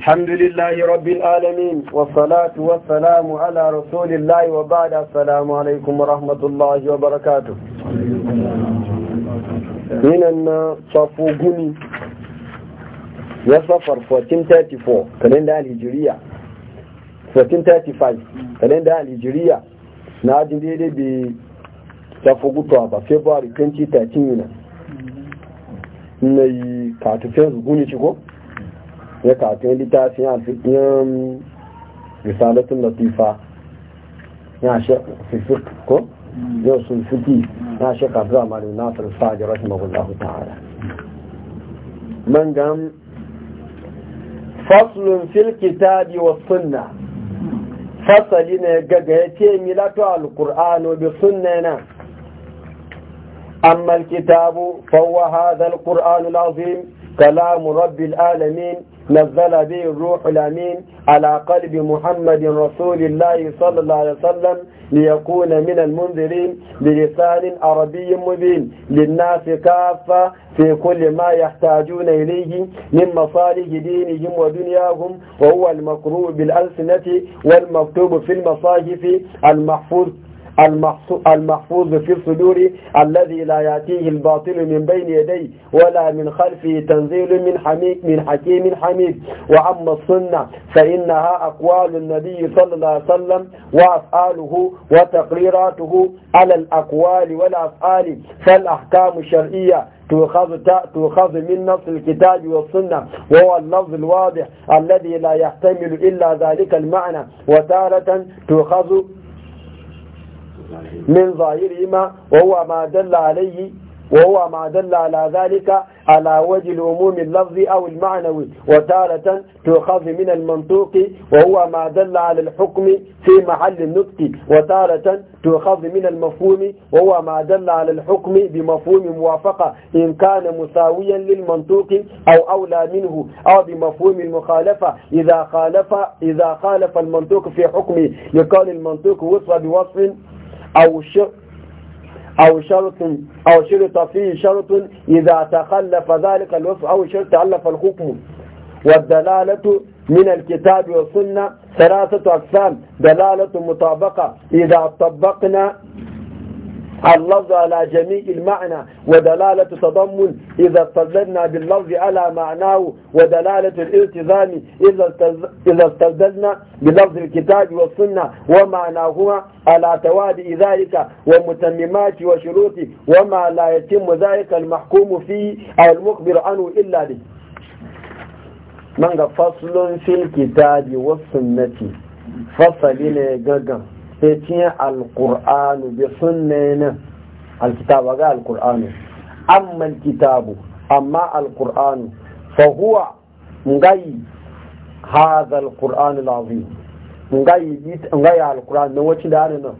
الحمد لله رب العالمين والصلاة والسلام على رسول الله وبعد السلام عليكم ورحمة الله وبركاته من أن صفوقني يصفر 1434 كالندا الهجرية 1435 كالندا الهجرية نادي ديدي ب صفوقتها بفبراير 2013 ني كاتفين زغوني شكو ya kafin littafin a fikin risalatun latifa ya shi fifik ko yau sun fiki ya shi kafin a marin nasar sa'ajar rashin magullahu ta'ala man gam faslun fil kitabi wa sunna fasali ne gaga ya ce milato alkur'ano bi sunna na amma alkitabu fawwa hadha alkur'anu alazim كلام رب العالمين نزل به الروح الأمين على قلب محمد رسول الله صلى الله عليه وسلم ليكون من المنذرين بلسان عربي مبين للناس كافة في كل ما يحتاجون إليه من مصالح دينهم ودنياهم وهو المقروء بالألسنة والمكتوب في المصاحف المحفوظ المحفوظ في الصدور الذي لا يأتيه الباطل من بين يديه ولا من خلفه تنزيل من حميد من حكيم حميد واما السنة فإنها أقوال النبي صلى الله عليه وسلم وأفعاله وتقريراته على الأقوال والأفعال فالأحكام الشرعية تؤخذ تؤخذ من نص الكتاب والسنة وهو اللفظ الواضح الذي لا يحتمل إلا ذلك المعنى وتارة تؤخذ من ظاهرهما وهو ما دل عليه وهو ما دل على ذلك على وجه العموم اللفظي أو المعنوي وتارة تؤخذ من المنطوق وهو ما دل على الحكم في محل النطق وتارة تؤخذ من المفهوم وهو ما دل على الحكم بمفهوم موافقة إن كان مساويا للمنطوق أو أولى منه أو بمفهوم المخالفة إذا خالف إذا خالف المنطوق في حكمه يقال المنطوق وصف بوصف أو شرط أو شرط أو شرط فيه شرط إذا تخلف ذلك الوصف أو شرط تألف الحكم والدلالة من الكتاب والسنة ثلاثة أقسام دلالة مطابقة إذا طبقنا اللفظ على جميع المعنى ودلالة تضمن إذا استدلنا باللفظ على معناه ودلالة الالتزام إذا استدلنا بلفظ الكتاب والسنة ومعناهما على توادي ذلك ومتممات وشروط وما لا يتم ذلك المحكوم فيه أو المخبر عنه إلا به من فصل في الكتاب والسنة فصل إلى جنجان sai cinye alkur'anu bi sunnayin alkitaba ga alkur'anu amma alkitabu amma alkur'anu fa huwa ngai hadha alkur'an alazim ngai bit ngai alkur'an nan wacin da nan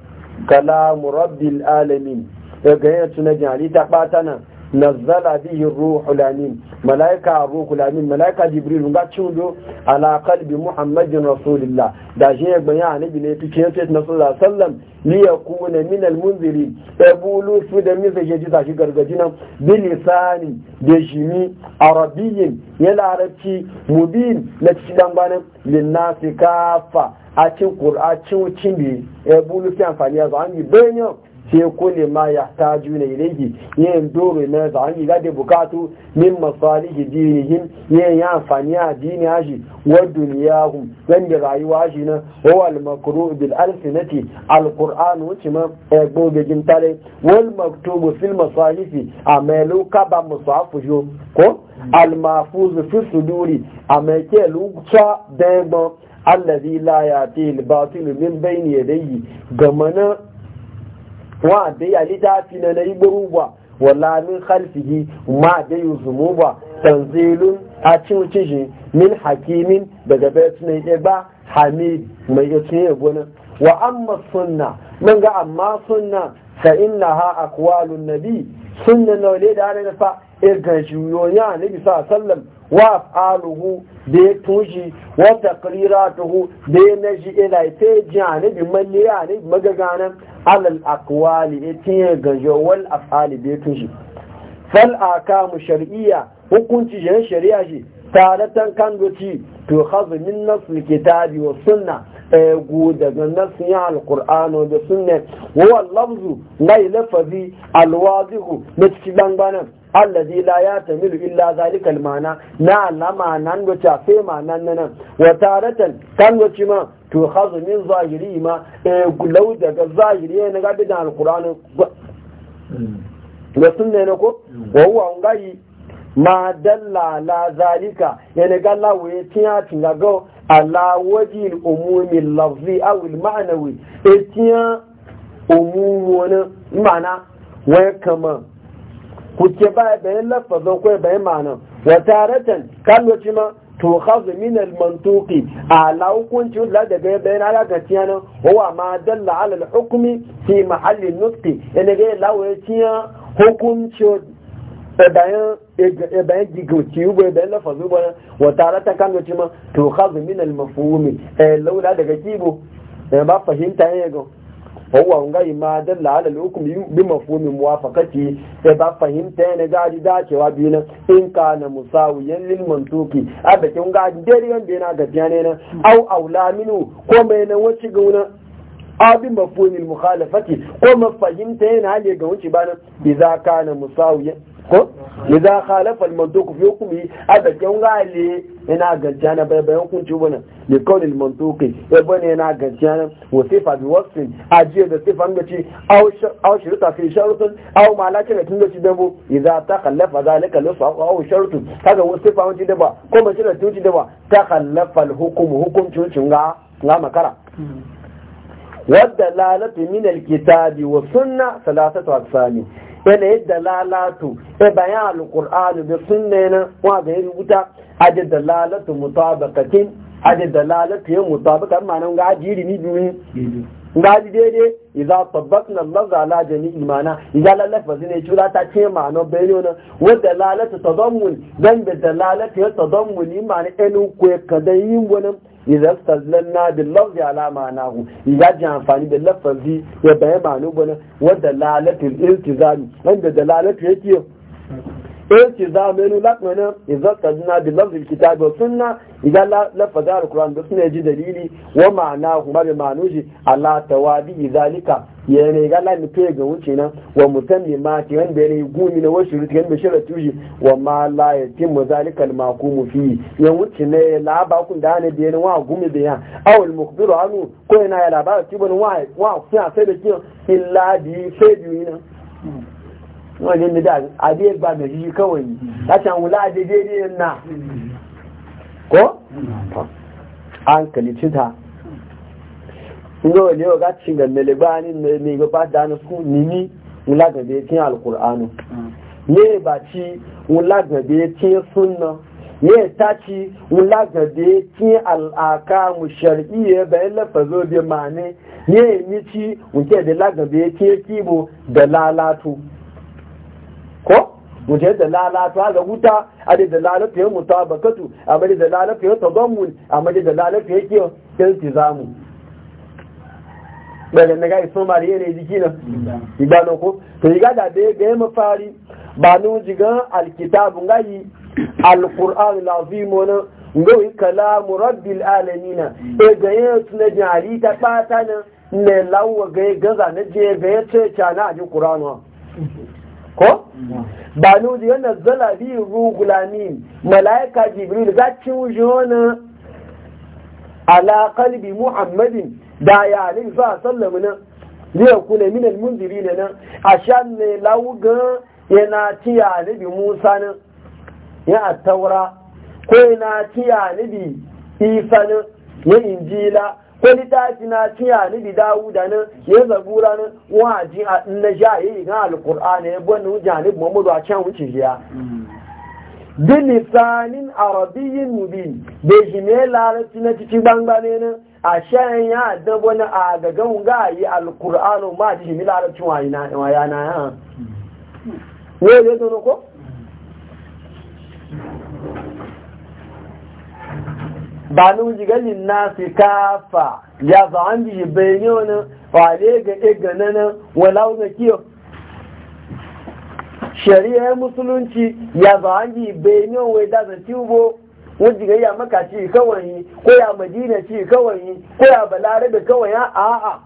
kalamu rabbil alamin daga yana tunaji halitta ɓata nan nazzala bihi ruhul amin malaika ruhul amin malaika jibril ga chundo ala qalbi muhammadin rasulillah da je gbanya anabi ne tike sai na sallallahu alaihi wasallam li yakuna min al munzirin bulu su da mi sai ji tashi gargajina bil lisani da shimi arabiyyin ya larabci mubin na cikin banan lin nasi kafa a cikin qur'an cin cin bi bulu sai amfani ya zo an yi bayan sai kone ma ya ta juna ilaihi yin doro na zahani da bukatu min masalihi dinihim yin ya amfani a dini hashi wa duniyahum wanda rayuwa shi na wal makru bil alsinati alquran wuce ma e, gogegin tare wal maktubu fil masalihi a mai luka ba musafu jo ko al fi suduri a mai ke lukta dangbon allazi la yati al batil min bayni yadayhi gamana wa da ya dafi na na yi ba wala min khalfihi ma da yuzumu ba tanzilun a cin min hakimin daga bayan ya ba hamid mai ya cinye gona wa amma sunna mun ga amma sunna fa innaha aqwalun nabi sunna na wale da ana fa irgan e shi a nabi sallallahu alaihi wasallam wa faluhu da ya tushi wata karira ta hu da ya naji ila ita ya ji a nabi malle ya ne alal akwali ya tiye gajo wal a fali da ya fal a kamun hukunci shi na shari'a shi tare ta kan to hazu min nasu ke tabi wa suna a eh, yago daga nasu ya alkur'ano da suna wa wallon zu na ilafazi alwazihu na cikin bangbanan allazi la ya tamilu illa zalikal mana na na ma'anan da ta fe ma'anan nan wa taratan kan wuce ma to khazu min zahiri ma E! gulau daga zahiri ne ga bidan alqur'ani hmm. da sunne ne ko hmm. wa huwa ngai ma dalla la zalika yana e, ga lawaye tiya tinga go ala wajil umumi lafzi aw al ma'nawi e, tiya umumi wani mana wa kama kuke ba bayan lafazin ko bayan ma'anan wa taratan kalloci ma to hazu min mantuki a laukunci hukunci da daga bayan ala ga tiyana ma dalla alal hukumi hukmi fi mahalli nutqi ene ga lawo tiya hukunci e bayan e e bayan gigoci ubo bayan lafazu bo wa taratan kalloci ma to hazu min mafuhumi mafhumi laula daga kibo ba fahimta yago wa ngai ma dalla ala hukum bi mafhumin da sai ba fahimta yana gadi dacewa biyu nan in kana musawiyan lil mantuki a da kin ga yana gaskiya ne nan au aula ko mai nan wace abin mafomin mukhalafati ko mafahimta yana hali ga wuce banan idza kana musawiyan ko idza khalafa al-manduk fi hukmi ada kan gale yana gajjana bai bayan kunci bana li kawl al-mantuqi ya e bane yana gajjana wa sifa bi wasfin ajiya da sifa an gaci aw shirta fi sharutun aw malaka da tunga ci dabo idza takhallafa zalika lufa aw sharutun kaga wa sifa wanci daba ko mace da ci daba takhallafa al-hukmu hukuncin ga ga makara wadda lalatu min alkitabi wa sunna salatatu aqsami ina yadda lalatu e bayan alqur'ani da sunna na wa ga rubuta aje dalalatu mutabaqatin aje dalalatu ya mutabaqa na ga ajiri ni biyu ga ji daidai idza tabbaqna al-lafza ala jami'il imana idza la zina yi tura ta ce ma ma'ana bayano na wa dalalatu tadammun dan da dalalatu ya tadammun na ɗanin ku kadan yin wani idan sallanna bil alama na hu ya ji amfani da lafazi ya bayan ma'anu bana wa dalalatul iltizami wanda da lalatin yake ɗauki zamanu lakmanin izarta zina bi lafzin kitabu sunna idan lafaza alkuran da suna ji dalili wa ma'ana kuma bi manuji ala tawadi zalika ya ne ga lami to ga wuce nan wa mutanni ma ti wanda ne gumi na wasu rutu kan bishara tuji wa ma la yatim zalika al maqumu fi ya wuce ne la ba kun da ne da wa gumi da ya aw al mukhbiru anu ko ina ya labara tibun wa wa sai da kin illa bi sai biyu nan wọ́n lè mi dáa àbí ẹgbà mi yìí kọ́wọ̀ yìí láti ne ga da na su nini mulagabe tin alkur'anu ne ba ci sunna ne ta ci mulagabe tin al'aka mu shar'iyya bayan lafazo ne ni ci wuce da lagabe kibo da lalatu ko mutum da lalata da wuta a da lalata ya mutu a bakatu a madi da lalata ya tagonmu a madi da lalata yin kiyon iltizamu daga na gai sun mara yanayi jiki na igbanon ko to yi gada da ya gaya mafari ba nun jigan alkitabun gayi alkur'an lazimu na ngawai kalamu rabbil alamina e gaya suna jari ta ɓata na lawa gaya gaza na je gaya ce cana a ji kur'anuwa ko mm. ba nu da yana zala bi rugulamin malaika jibril za ci wuce wani ala kalbi muhammadin da ya ne sa sallama nan ne kuna min almunziri ne nan a sha ne lauga yana ci ya nabi musa nan ya taura ko yana ci ya nabi isa na? ya injila ko littafi na tiya ni bi dawuda nan ya zabura nan waji a na jayi ga alkur'ani ya bonu janib mamadu a can wuce ya bilisanin arabiyyin mubin da shi ne larabci na cikin bangbane nan a shan ya dabo na a ga yi alqur'anu ma ji mi larabci ya? yana ya ne zo ko ba ni galin nasi kafa ya za an biyi wale ga egana nan ga kiyo shari'a musulunci ya za an biyi wai da zanci ubo wuji ga ya maka ci kawai ko ya madina ci kawai ko ya balarabe kawai a'a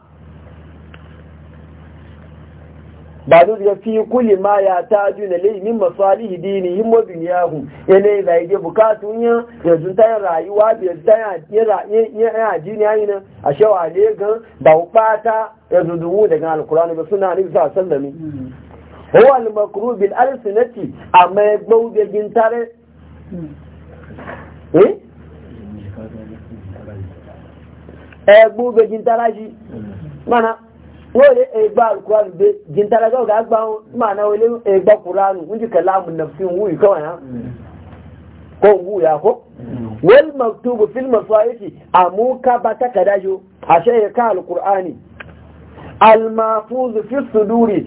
ba duk da fi kuli ma ya ta juna laimin masali masalihi dini yin mabin yahu ya ne da yake bukatun ya yanzu ta yin rayuwa da yanzu ta yin ajini yayi nan a shawa ne gan ba bata ya zuzuwu daga alkurani ba suna ne sa sallami hmm. huwa al-makru bil alsinati amma ya gbau da gintare hmm. eh hmm. gbau da gintaraji mana wọ́n lè ẹgbà alukuraanu bẹ jìntàlágà ọ̀gá gbà wọn màánà wọlé ẹgbà kuraanu wọ́n jù kẹlẹ́ àmì nàfi wù yìí kọ́wọ̀n yẹn kọ́ wù yà kọ́ wọ́n ayéti àmú yó àṣẹ yẹ ká alukuraani fi suduri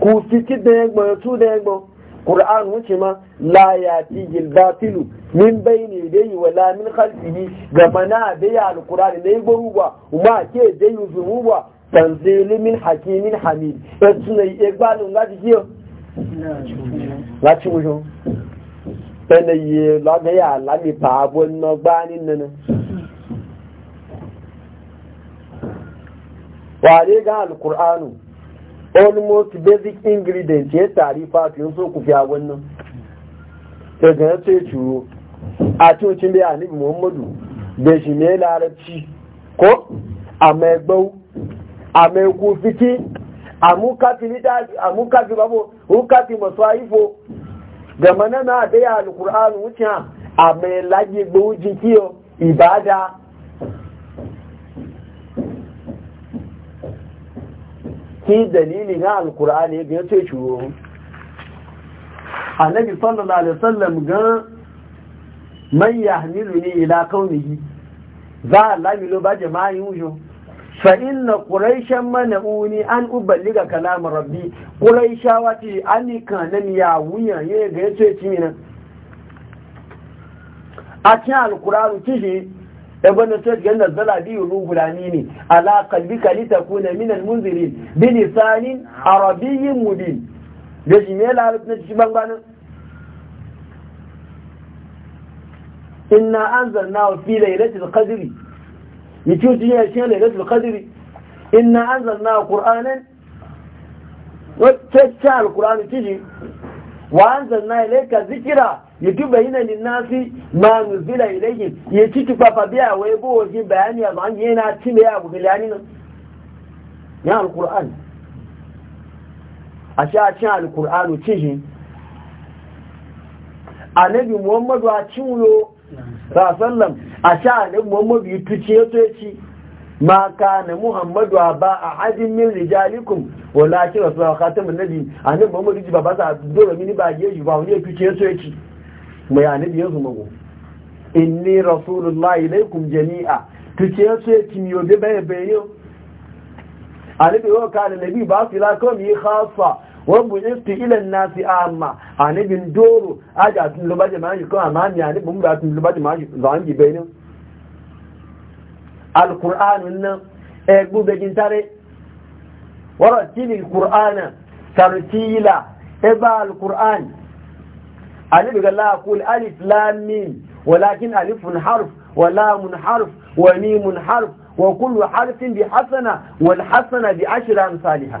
kù fiti dẹ́gbọ̀n dẹ́gbọ̀n kuraanu wọ́n ti ma láyàtì jìlbàtìlù min bayni yadayhi wala min khalfihi da ya alqur'ani ne goruwa ke tanzilu min hakimin hamid ẹ̀tún ìgbàlù láti kí o láti wùjọ pẹ̀lẹ̀ yìí lọ́gẹ́yà lámì pàábọ̀ nínú gbá nínú almost basic ingredient ya tari tí ó sókù fi àwọn náà ẹgbẹ̀rẹ́ tó ìṣòro àti òtún bí àníbì muhammadu bẹ̀ṣì ní larabci ko àmẹ́gbẹ́wó ameku fiti amukafi litafi amukafi babo hukafi masaifo ga manana da ya alquran wuce a mai laji gboji kiyo ibada ki dalili na alquran ya ga ce shuro annabi sallallahu alaihi wasallam ga man yahmiluni ila qaumihi za a lamilo ba jama'in wujo Fa ina ƙurashin mana uni an uba ni ga kalaman rabi? Ƙurasha wace aminka nan ya wuya ne ga yankunan cinye minan? A cinye al'ukuraru cikin 'yan gwada cikin 'yan dandana biyu nuhu guda nini. Alakalmi kalli takuna minan munzari. Binin, sannin, a rabin yin mu biyu. Jami'in ya lalata suna cikin bangonan. Ina anzan nawa filai rashin mitu ji ya shi ne lailatul qadri inna anzalna qur'anan wa tatta alquran tiji wa anzalna ilayka dhikra yutuba ina linnasi ma nuzila ilayhi ya titi kwa fabia wa ebo ji bayani ya man yana tile ya gulani na ya alquran muhammadu a cin yo sallallahu a sha ne muhammadu yi tuce ya ci ma na muhammadu ba a hajjin min rijalikum wala ki rasu a khatamin nabi a nan muhammadu ji ba ba sa dole mini ba ya yi ba wani ya tuce ya ci mai anabi ya zuma go inni rasulullahi ilaikum jami'a tuce ya ci mi yobe bayan bayan yau anabi yau kana nabi ba su ila kawai yi khasa wọ́n bu ní ti ilẹ̀ náà sí àmà àníbi dóòrò ájá àti lọ́bájẹ̀ máa ń yìí kan àmà àmì àníbi múra àti lọ́bájẹ̀ máa ń yìí bẹ́ẹ̀ ní alkùránù náà ẹgbú bẹjì tare wọ́rọ̀ tí ní kùránà tàrtílà ẹbá alkùrán àníbi ga láàkúl alif lámin walakin alifun harf walamun harf wa mimun harf wa harfin bi hasana wal hasana bi ashra Saliha.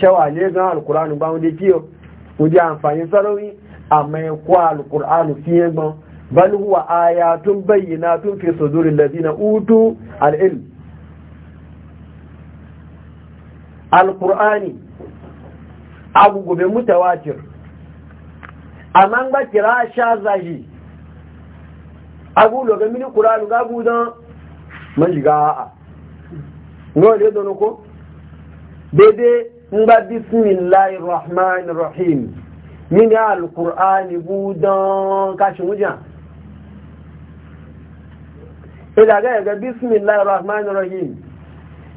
shawa ne ga alkur'ani ba wani kiyo wuje amfani sarauni a mai kwa alkur'ani fiye gbon bal tun bayyana tun fi sudurin na utu al'il alkur'ani abu gobe mutawatir man ba kira sha zahi abu ga mini kur'ani ga gudan man shiga a'a ne wanda ya ko daidai nga bisimilahi rahman rahim min alqur'ani budan kashi wuja ila ga ga bismillahir rahmanir rahim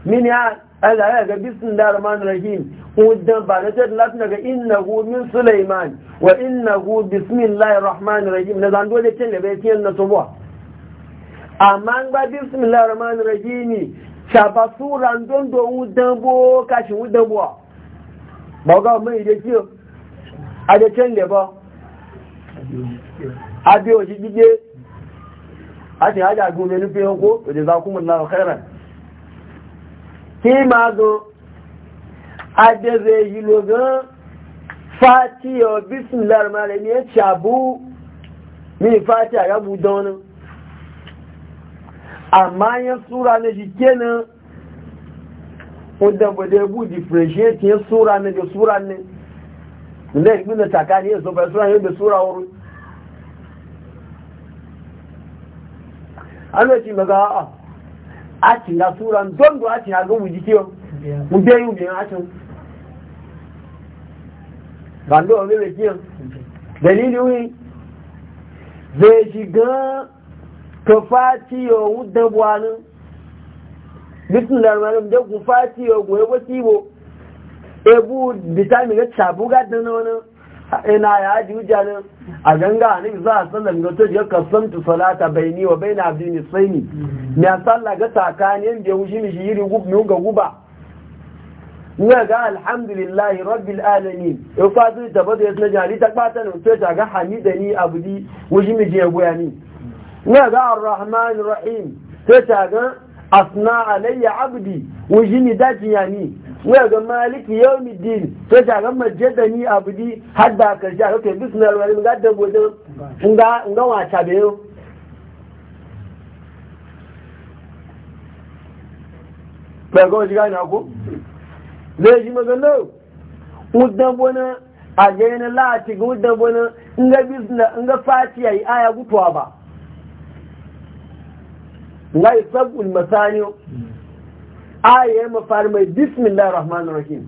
min ya ala ga bismillahir rahmanir rahim udan ba na tada latin ga innahu min sulaiman wa innahu bisimilahi rahman rahim na zan dole tin da bai tin na tobo, amma ba bisimilahi rahman rahim chaba suran don do udan bo kashi udan bo bọ̀gá ne ìdè tí ó adẹ́kẹ́ ìlẹ̀bọ́ abẹ́ òṣì na àti àjàgún mẹ́lú pé ọkó òjèzákúnmọ̀lá ọ̀kẹ́rẹ̀ kí máa gan adẹ́rẹ̀ yìí ló gan fàtí ọ̀bísùn lárùmá rẹ̀ ní ẹ̀ṣì àbú ní fàtí àyàbù dánná àmáyán súra ní ṣ wadda ba da yabu differentiate ya sura ne da sura ne da ya gina takani ya sofa sura ne da sura wuri an wace maga a a cin da sura don da zai shiga ka bismillah da rahman ar-rahim da ku fati yo goye wati bo ebu bitami ga tabu ga dana wani ina ya ji hujja a ganga a nabi za a sallar ga toji ya kasantu salata baini wa baina abdi ni saini ya sallah ga tsakani yanda ya wuce mi shi yiri gub ga guba ina ga alhamdulillahi rabbil alamin ya fatu ta bada ya sanar ali ta bata ne to ta ga hamidani abdi wuce mi je goya ni ina ga arrahmanir rahim to ta ga asna alayya abdi wajini daji yani wa ga maliki yawmi din to ja ga majjada ni abdi hadda ka ja ka bisna alwali ga da bodin nga nga wa ta be yo ba go ji ga na ko le ji ma gando udan bona a ga na lati ga udan bona nga bisna nga fati ai aya gutuwa ba ngai sabul masani aya mafari mai bismillahir rahmanir rahim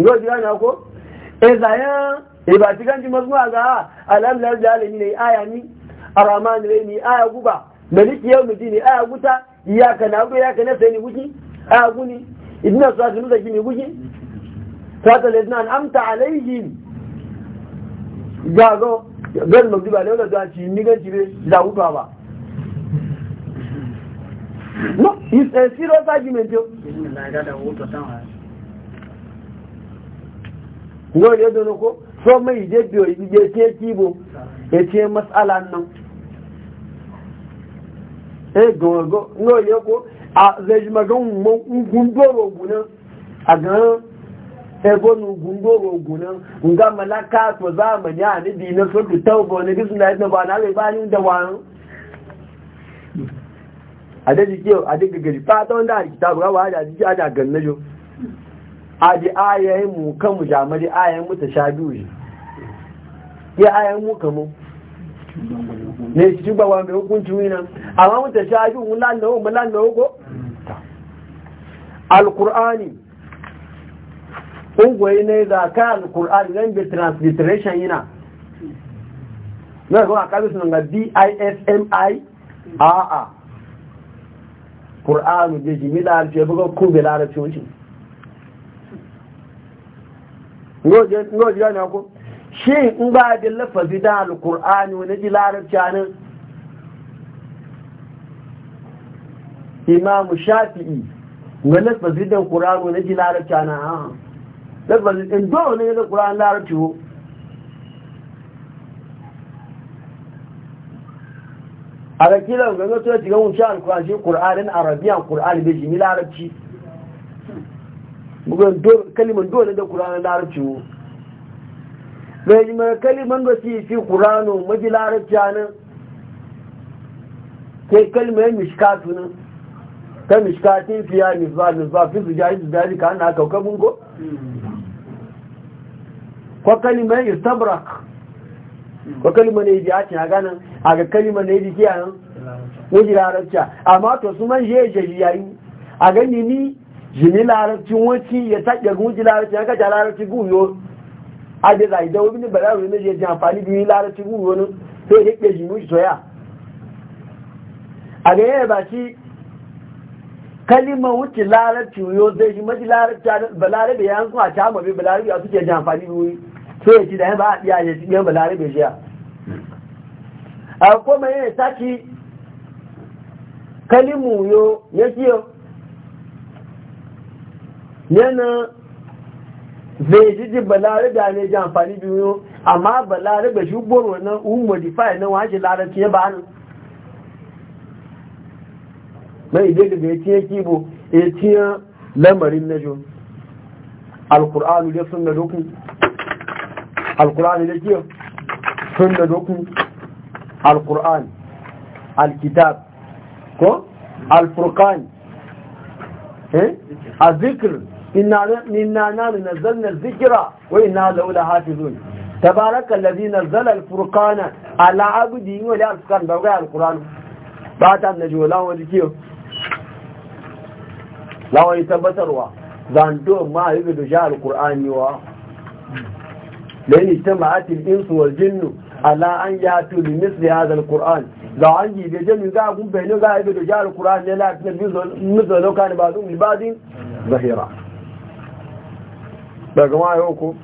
ngo ana ko ezaya ibati e ganji mazmuwa ga la dalil ne aya ni arrahman ne aya guba maliki yawm ne aya guta ya kana sai ni guki aya guni idna sa'atu muzaki gini guki sa'atu ladna amta alaihim go gẹ́gẹ́ lọ́dún bá lẹ́wọ́n lọ́dún ci nígẹ́jì rẹ̀ ìdáwùdó àbá no it's a serious argument yo wọ́n yẹ́ dọ́nà kó so mai ìdé bí o ìdíje tí é kí ibo ètí masala nan e gọ̀ọ̀gọ̀ ní òye kó a zai jimagan ngun dọ́rọ̀ ògùn náà a gan ebo gundo goro gunan nga malaka to zamani a nabi so to tawo ne gizu na yadda ba na bai bani da wan ada ji jike ada daga gari ta wanda a kita buga ba a jike a da ganna jo a ayayen mu kan mu jamari ayayen mu ta shadu ji ya ayayen mu kan mu ne shi ba wa mai hukunci mu wina amma mu ta shadu mu lalawo mu lalawo ko alqur'ani ungwaye ne za a kai quran zan bi transliteration yana na zo a kabi sunan b i s m i a a qur'an je jimi da alfi buga ku bi larabci wuce ngoje ngoje yana ko shi in ba da lafazi da al-qur'an wani ji larabci anan imam shafi'i wani lafazi da qur'an wani ji larabci anan lafazin in dole ne na larabci ho a ga ga gato cikin wuce alkuran shi ƙura'anin arabiyan ƙura'an da shi ni larabci kalimin dole da ƙura'an larabci ho ga yi mara kalimin da su fi ƙura'anu maji larabci nan ke kalimin mishkatu nan ta mishkatin fiya misba misba fi su jari su jari ka kaukabin ko hmm. ko kalimar tabrak ko kalimar ne yi ce a ganin a ga kalima ne yi ji kiyayen wajen larabci amma to su man je je yayi a gani ni jini larabcin wanci ya taƙe guji larabci ya kaca larabci guyo a da zai da wani ba zai ne je amfani da biyu larabci guyo ne sai ya ke jini shi soya a ga yaya ba shi kalimar wuce larabci yo zai shi maji larabci ba larabe ya hanzu a cama ba larabe ya suke jamfani da biyu sai ci da ba a ya ya ci yan balarabe jiya a kuma yana saki kalimu yo ya ciyo yana zai ji ji balarabe ne ji amfani biyu amma bai shi gboro na un na wajen larabci ya ba nan mai ide daga ya ciye kibo ya ciye lamarin na jo alkur'anu ya sun da dokun alkur'ani da kiyo sun da doku alkur'ani alkitab ko alfurkan eh azikr inna nanu zanna zikira wa inna laula hafizun tabaraka allazi nazzala alfurqana ala abdi wa la askan ba ga alquran ba ta annabi wala wani kiyo lawai tabbatarwa zan do ma yi da alqur'ani wa لأن اجتمعت الإنس والجن على أن يأتوا بمثل هذا القرآن لو عندي بجن يقعوا بينه قاعد رجال القرآن لا يكتب مثل لو كان بعضهم لبعض ظهيرا daga ma yau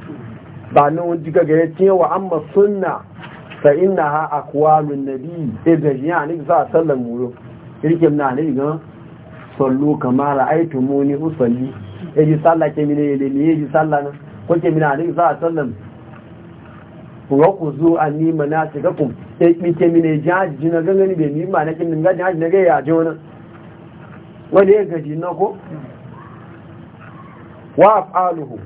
ba nan wani jika gare cewa an masunna fa ina ha a kwalun nabi ibn ya ne za a sallan muro irkin na ne ga sallu kamar ra'aitu muni usalli yaji sallah ke mine ne ne yaji sallah na ko ke mine ne za a sallan ku zo a nima na shiga ku sai ɓike mine jaji na gangani bai nima na kin dinga jaji na ga ya je wani wani ya gaji na ko wa aluhu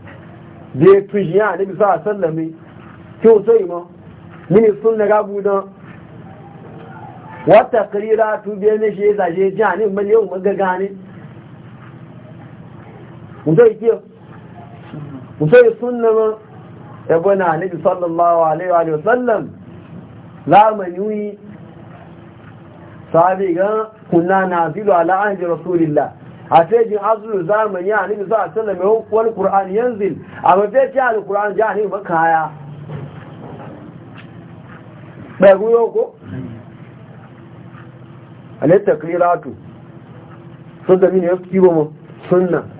da ya tuji ya nabi sa sallame kyau sai ma mini sun na gabu don wata kirira tu biya na shi ya zaje jani mai yau magaga ne mutai kiyo mutai na ma ebe na anabi sallallahu alaihi wa sallam zamani sahabi ga kunna nazilu ala ahdi rasulillah a fejin azuru zamani a nabi sallallahu alaihi wa sallam yawon kuwar ƙur'an yanzu a mafafi a ƙur'an ja ne makaya ɗagu yau ko? a ne takriratu sun da mini ya fi kiwo mu sunna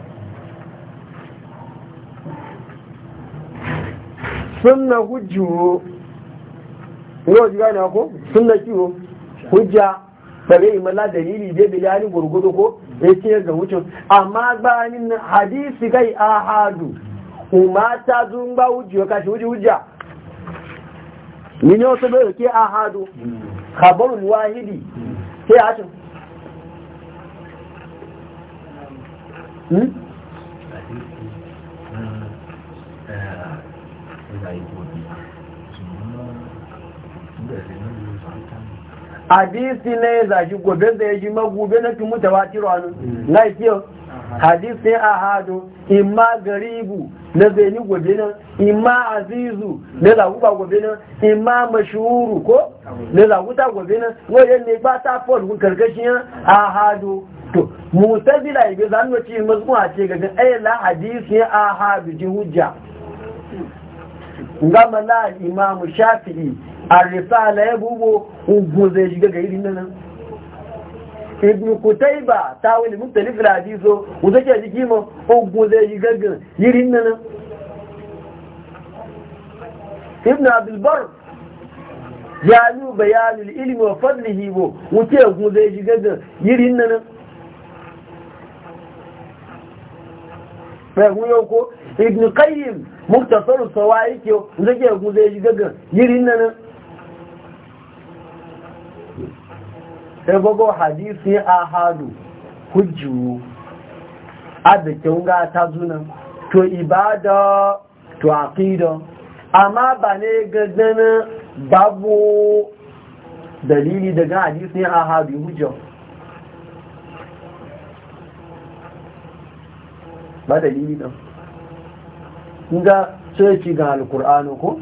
sunna hujjo yau jiga gane ko sunna kiwo hujja bare imala dalili dai bilani gurgudu ko ya e ce ga wucin amma bayanin hadisi kai ahadu ta zun ba hujjo ka shi hujja hujja ni ne wasu bai ke ahadu khabarul wahidi sai a cin hmm? hadisi ne za shi gobe da ya ji magube na tun mutawa tiranu na kiyo hadisi a hadu imma garibu na zeni gobe nan imma azizu na zaguba gobe nan imma mashuru ko na zaguta gobe nan wajen ne ba ta karkashi karkashin a hadu to mutabila ibe zanuwa ce mazmu a ce gagan ayyala hadisi a hadu ji hujja gama la imamu shafi'i a risala ya bubo ugun zai shiga ga irin nan ibn kutaiba ta wani muktalif ladiso wuta ke jiki ma ugun zai shiga ga irin nan ibn abdulbar ya yi bayanin ilimi wa fadlihi bo wuce ugun zai shiga ga irin nan bai ko ibn qayyim muktasaru sawa yake zage ku zai ji gagan yirin nan sai gogo hadisi ahadu hujju abikin ga ta zunan to ibada to aqida amma ba ne gadana babu dalili daga hadisi ahadu hujju ba dalili don ga sai ci ga alkur'ani ko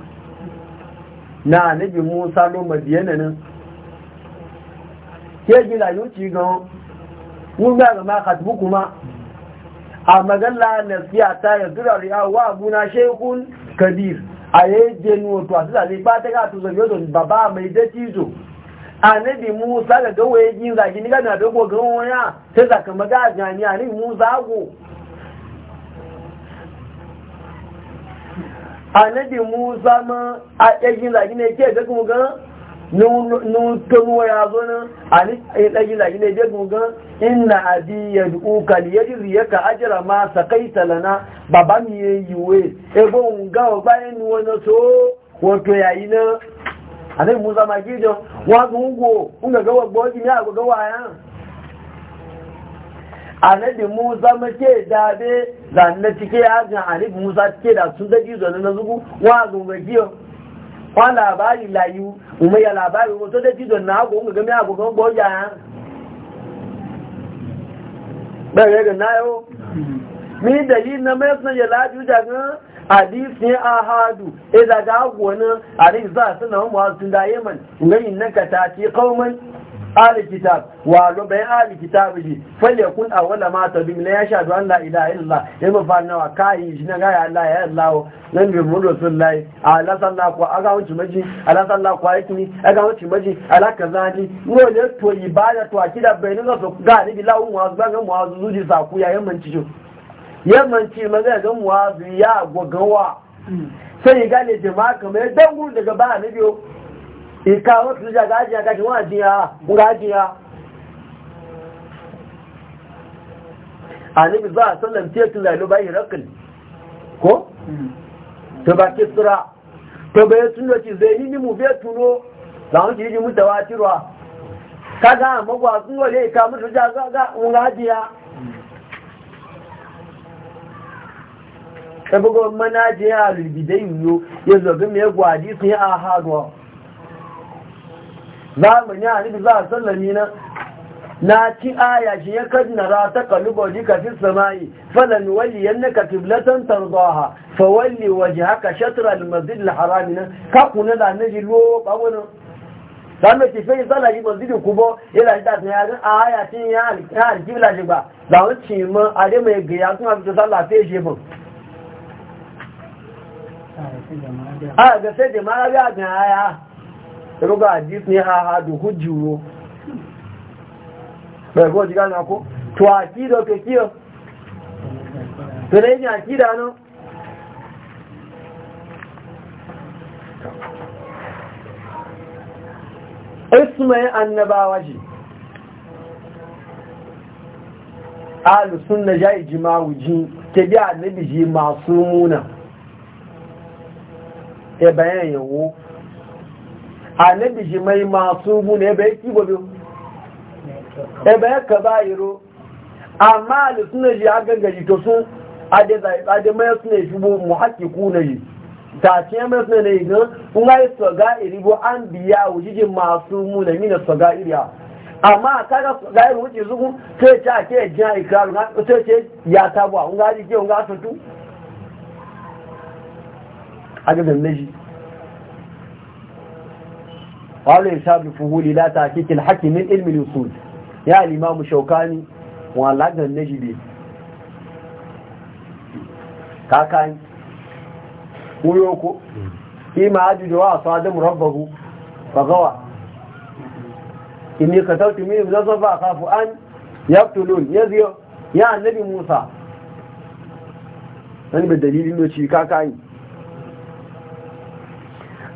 na anabi musa lo madiyana nan ke gila yau ci ga mun ga ga ma katbu kuma a magalla siya ta ya zura riya wa abuna shekun kabir a yi jenu wato a zai ba ta ga tuzo yau don baba mai dati zo anabi musa ga gawaye gin zagi ni ga na dogo ga ya ta zaka maga jami'a ni musa go anabi musa ma a ɗagin zagi ne ke ga kuma gan? nutonuwa ya zo nan a eh, ɗagin zagi ne ke kuma inna abi ya duka ne ya jiri ya ka ajira ma sakai talana baba mi ya yi we ego nga bayan wani so wato yayi na anabi musa ma gidan wa ga ungo gawa gbaji ne a gawa yan annabi Musa mace da be zanne cike ya ga annabi Musa cike da sun da gizo na zugu wa ga giyo wa labari layu kuma ya labari wato da gizo na go ga game hago ga go ya ba ga ga nayo mi dalil na mai sun ya laju da ga hadisi ahadu idan e ga gona a rin za su na mu sun da yaman ngai nan ka ta ci qauman ahli kitab wa lo bayan ahli kitab ji falle kun wala ma bi la yasha du an la ilaha ya ma fa wa kai shi na ga ya Allah ya Allah nan bi mu rasulullahi ala sallahu ko aga wuce maji ala sallahu ko ayati aga wuce maji ala kazaji no le to ibada to akida bayin ga so ga ni bi lawun wa ga mu azu ji sa ku ya yamman ci yamman ci maga ga mu azu ya gogawa hmm. sai ga ne jama'a kamar dangu daga ba ne biyo ìka wọ́n fi lójá gáájì àgájì wọ́n àjíyà wọ́n a àníbi bá àtọ́lẹ̀m tí ètò ìlú bá ìrọ́kìlì kó tó bá kí sọ́ra tó bẹ̀rẹ̀ tún lọ ti zẹ̀ ní mímú fẹ́ túnró láwọn jìí mú tẹ̀wá tírọ̀ kága àmọ́gbà fún wọlé ìka mú lójá wọ́n gáájìyà ẹgbogbo mọ́nájẹ́ àrùbìdẹ́ ìlú yóò zọ̀gbẹ́mẹ́gbọ́ àdísìn àhàgọ́ zamani a nufi za a sallami na na ci aya shi ya kadna ra ta kalubo ji ka fi samayi falan walli yanna ka kiblatan tarzaha fa walli waje haka shatar almasjid alharami na ka kuna da na jilo ba wani sannan ki sai zala ji masjidin kubo yana shi da ya A aya tin ya ya alkibla shi ba da wani ci ma a dai mai gaya kuma fita sallah sai shi mun a ga sai jama'a ga ga aya ruga hadis ne ha ha du hujjuro bai ko jiga ko to akido ke kiyo to ne ni ismai annabawa ji ahlu sunna jai jima'u ji ke bi ji masu muna e annabi shi mai masu mu ne bai kibo biyu ebe ya ka ba iro amma suna shi ya gangaji to sun adama mai suna shi bu mu haƙi kuna yi ta ce mai suna ne ga kuma yi soga iri bu an biya wujijin masu mu na mina soga a, amma a kaga soga iri wuce zuku sai ce ake jiya ikiraru sai ce ya tabuwa nga ji ke nga tutu a na shi. قالوا إرشاد الفهولي لا تحقيق الحكي من علم الوصول يا الإمام الشوكاني واللجنة النجدي كاكاين ويوكو إما فيما عجد وعصادم ربه فغوى إني قتلت منهم نظفة أخاف أن يقتلون يزيو يا النبي موسى أنا بالدليل إنه شيء كاكاين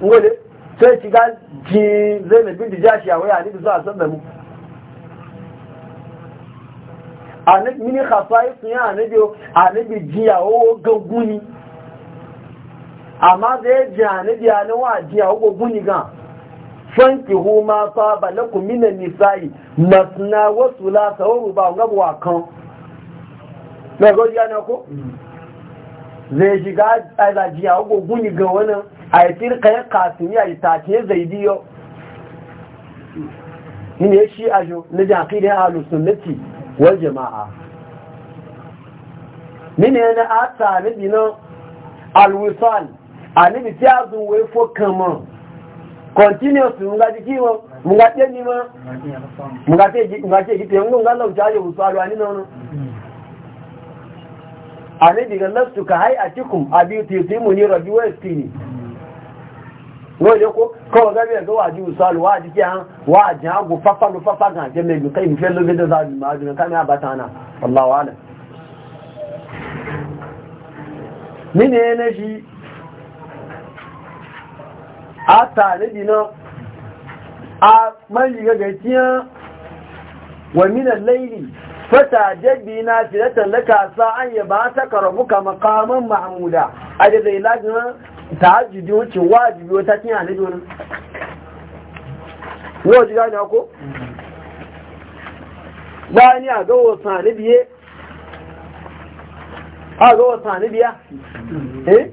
wale sai shiga ji zainabin da jashi a waya alibi zuwa san da mu a na mini khasai sun yi anabi anabi jiyawo gaguni amma zai ji anabi a na wa jiyawo gaguni gan fanki huma fa balakum minan nisa'i masna wa thulatha wa ruba ngabuwa kan na godiya na ko mm. zai shiga a jiyawo gaguni gan wani. a yi firka ya kasumi a yi take zaidiyo shi ne shi a jo na jaƙirin alusunnati wal jama'a mini yana a tsari dinan alwisal a nibi tí a zun wai fo kama continuous nga ji kiwo nga te ni ma nga te ji nga te ji te ngo nga lawo jaje bu salu ani nono ani diga lastu ka hay atikum abi tisimuni rabbi wa istini wọ́n lé kó kọ́wọ́ gẹ́gẹ́ ẹ̀gẹ́ wà jí ìsọ́lù wà jí kí a wà jí àgò fáfá ló fáfá gan jẹ́ mẹ́gbẹ̀ kẹ́ ìfẹ́ ló gẹ́gẹ́ sáà jùmọ̀ àjùmọ̀ ká ní àbáta náà ọláwà a fata jabi na filatan laka sa an ya ba ta ka makamin mahamuda a da zai lajin ta tahajjudi wuce wajibi wata cin halittu wani yau ji gani ako? ni a gawo sanibiye a gawo sanibiya eh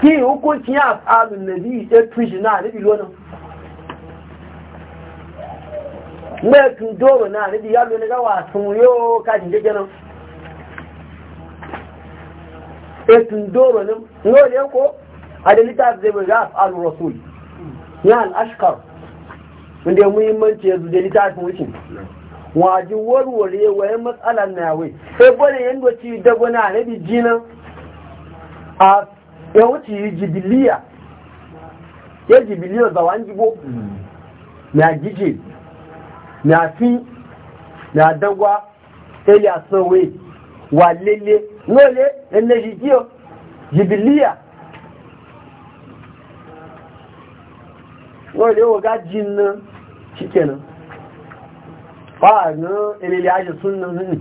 ki hukunci ya alun nabi ya tushi na halittu wani mai tun doro na ni biya lo ni ga wa sun yo ka jin jeje nan e tun doro ni no le ko adalita zai bi ga al rasul ya al ashkar wanda muhimmanci yanzu da littafin wucin waji warware wayan matsalar na wai sai bane yan doci dagwana na bijinan a ya wuce yi jibiliya ya jibiliya zawan jibo na gije na fi na dagwa elias sowe wà lélé lóòlé ẹlẹ́jì jí o jìbìlíà lóòlé ọgá jìnnà ṣíkẹ̀nà fáàrùn ẹlẹ́lẹ́ ajé súnnà nínú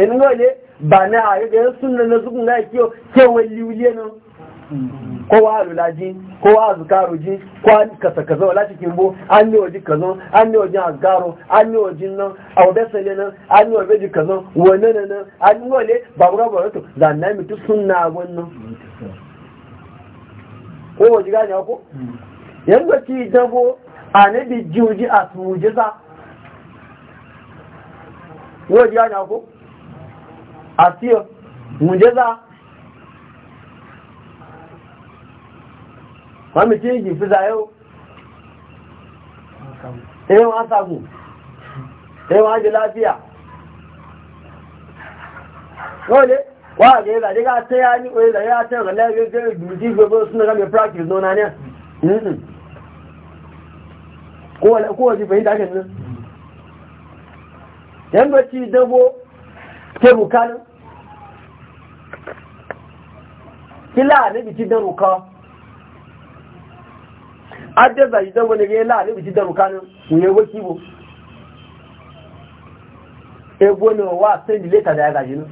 ẹni lóòlé bà na àrígẹ̀ súnnà lọ́sùkùn láìkí o kẹwẹ́ lè ulé náà kowa alulaji kowa ko kowa kasa kaza wala lati bo an ne waje kazo an ne waje azkaro an ne waje nan abu besale nan an ne waje kazo wane nan an ne wale babura babura to zanna mitu suna wannan ko waje gani ko yanzu ki dago a ne bi waje a mujiza waje gani ko a siyo za? wọ́n mi tí ìjì fi sáyó ẹ̀yẹ́ wọ́n sàkùn ẹ̀yẹ́ wọ́n jẹ láfíà wọ́n lè wọ́n àgbẹ̀ ìlàjẹ́ ká tẹ́ yá ní orí ìlàjẹ́ àtẹ́ ọ̀rọ̀ lẹ́gbẹ̀ẹ́ ìgbìyànjú gbogbo súnmọ́ kámi practice náà náà kowace fahimta ake nan yan dabo ke rukanin kila na biki don rukawa adé zàyí dẹ́gbẹ́ ní gẹ́ láàrin ìbìtí dẹ̀rù kánú ìyẹn wé kíbo egbó ni wà sẹ́ndì létà dáyà leta nù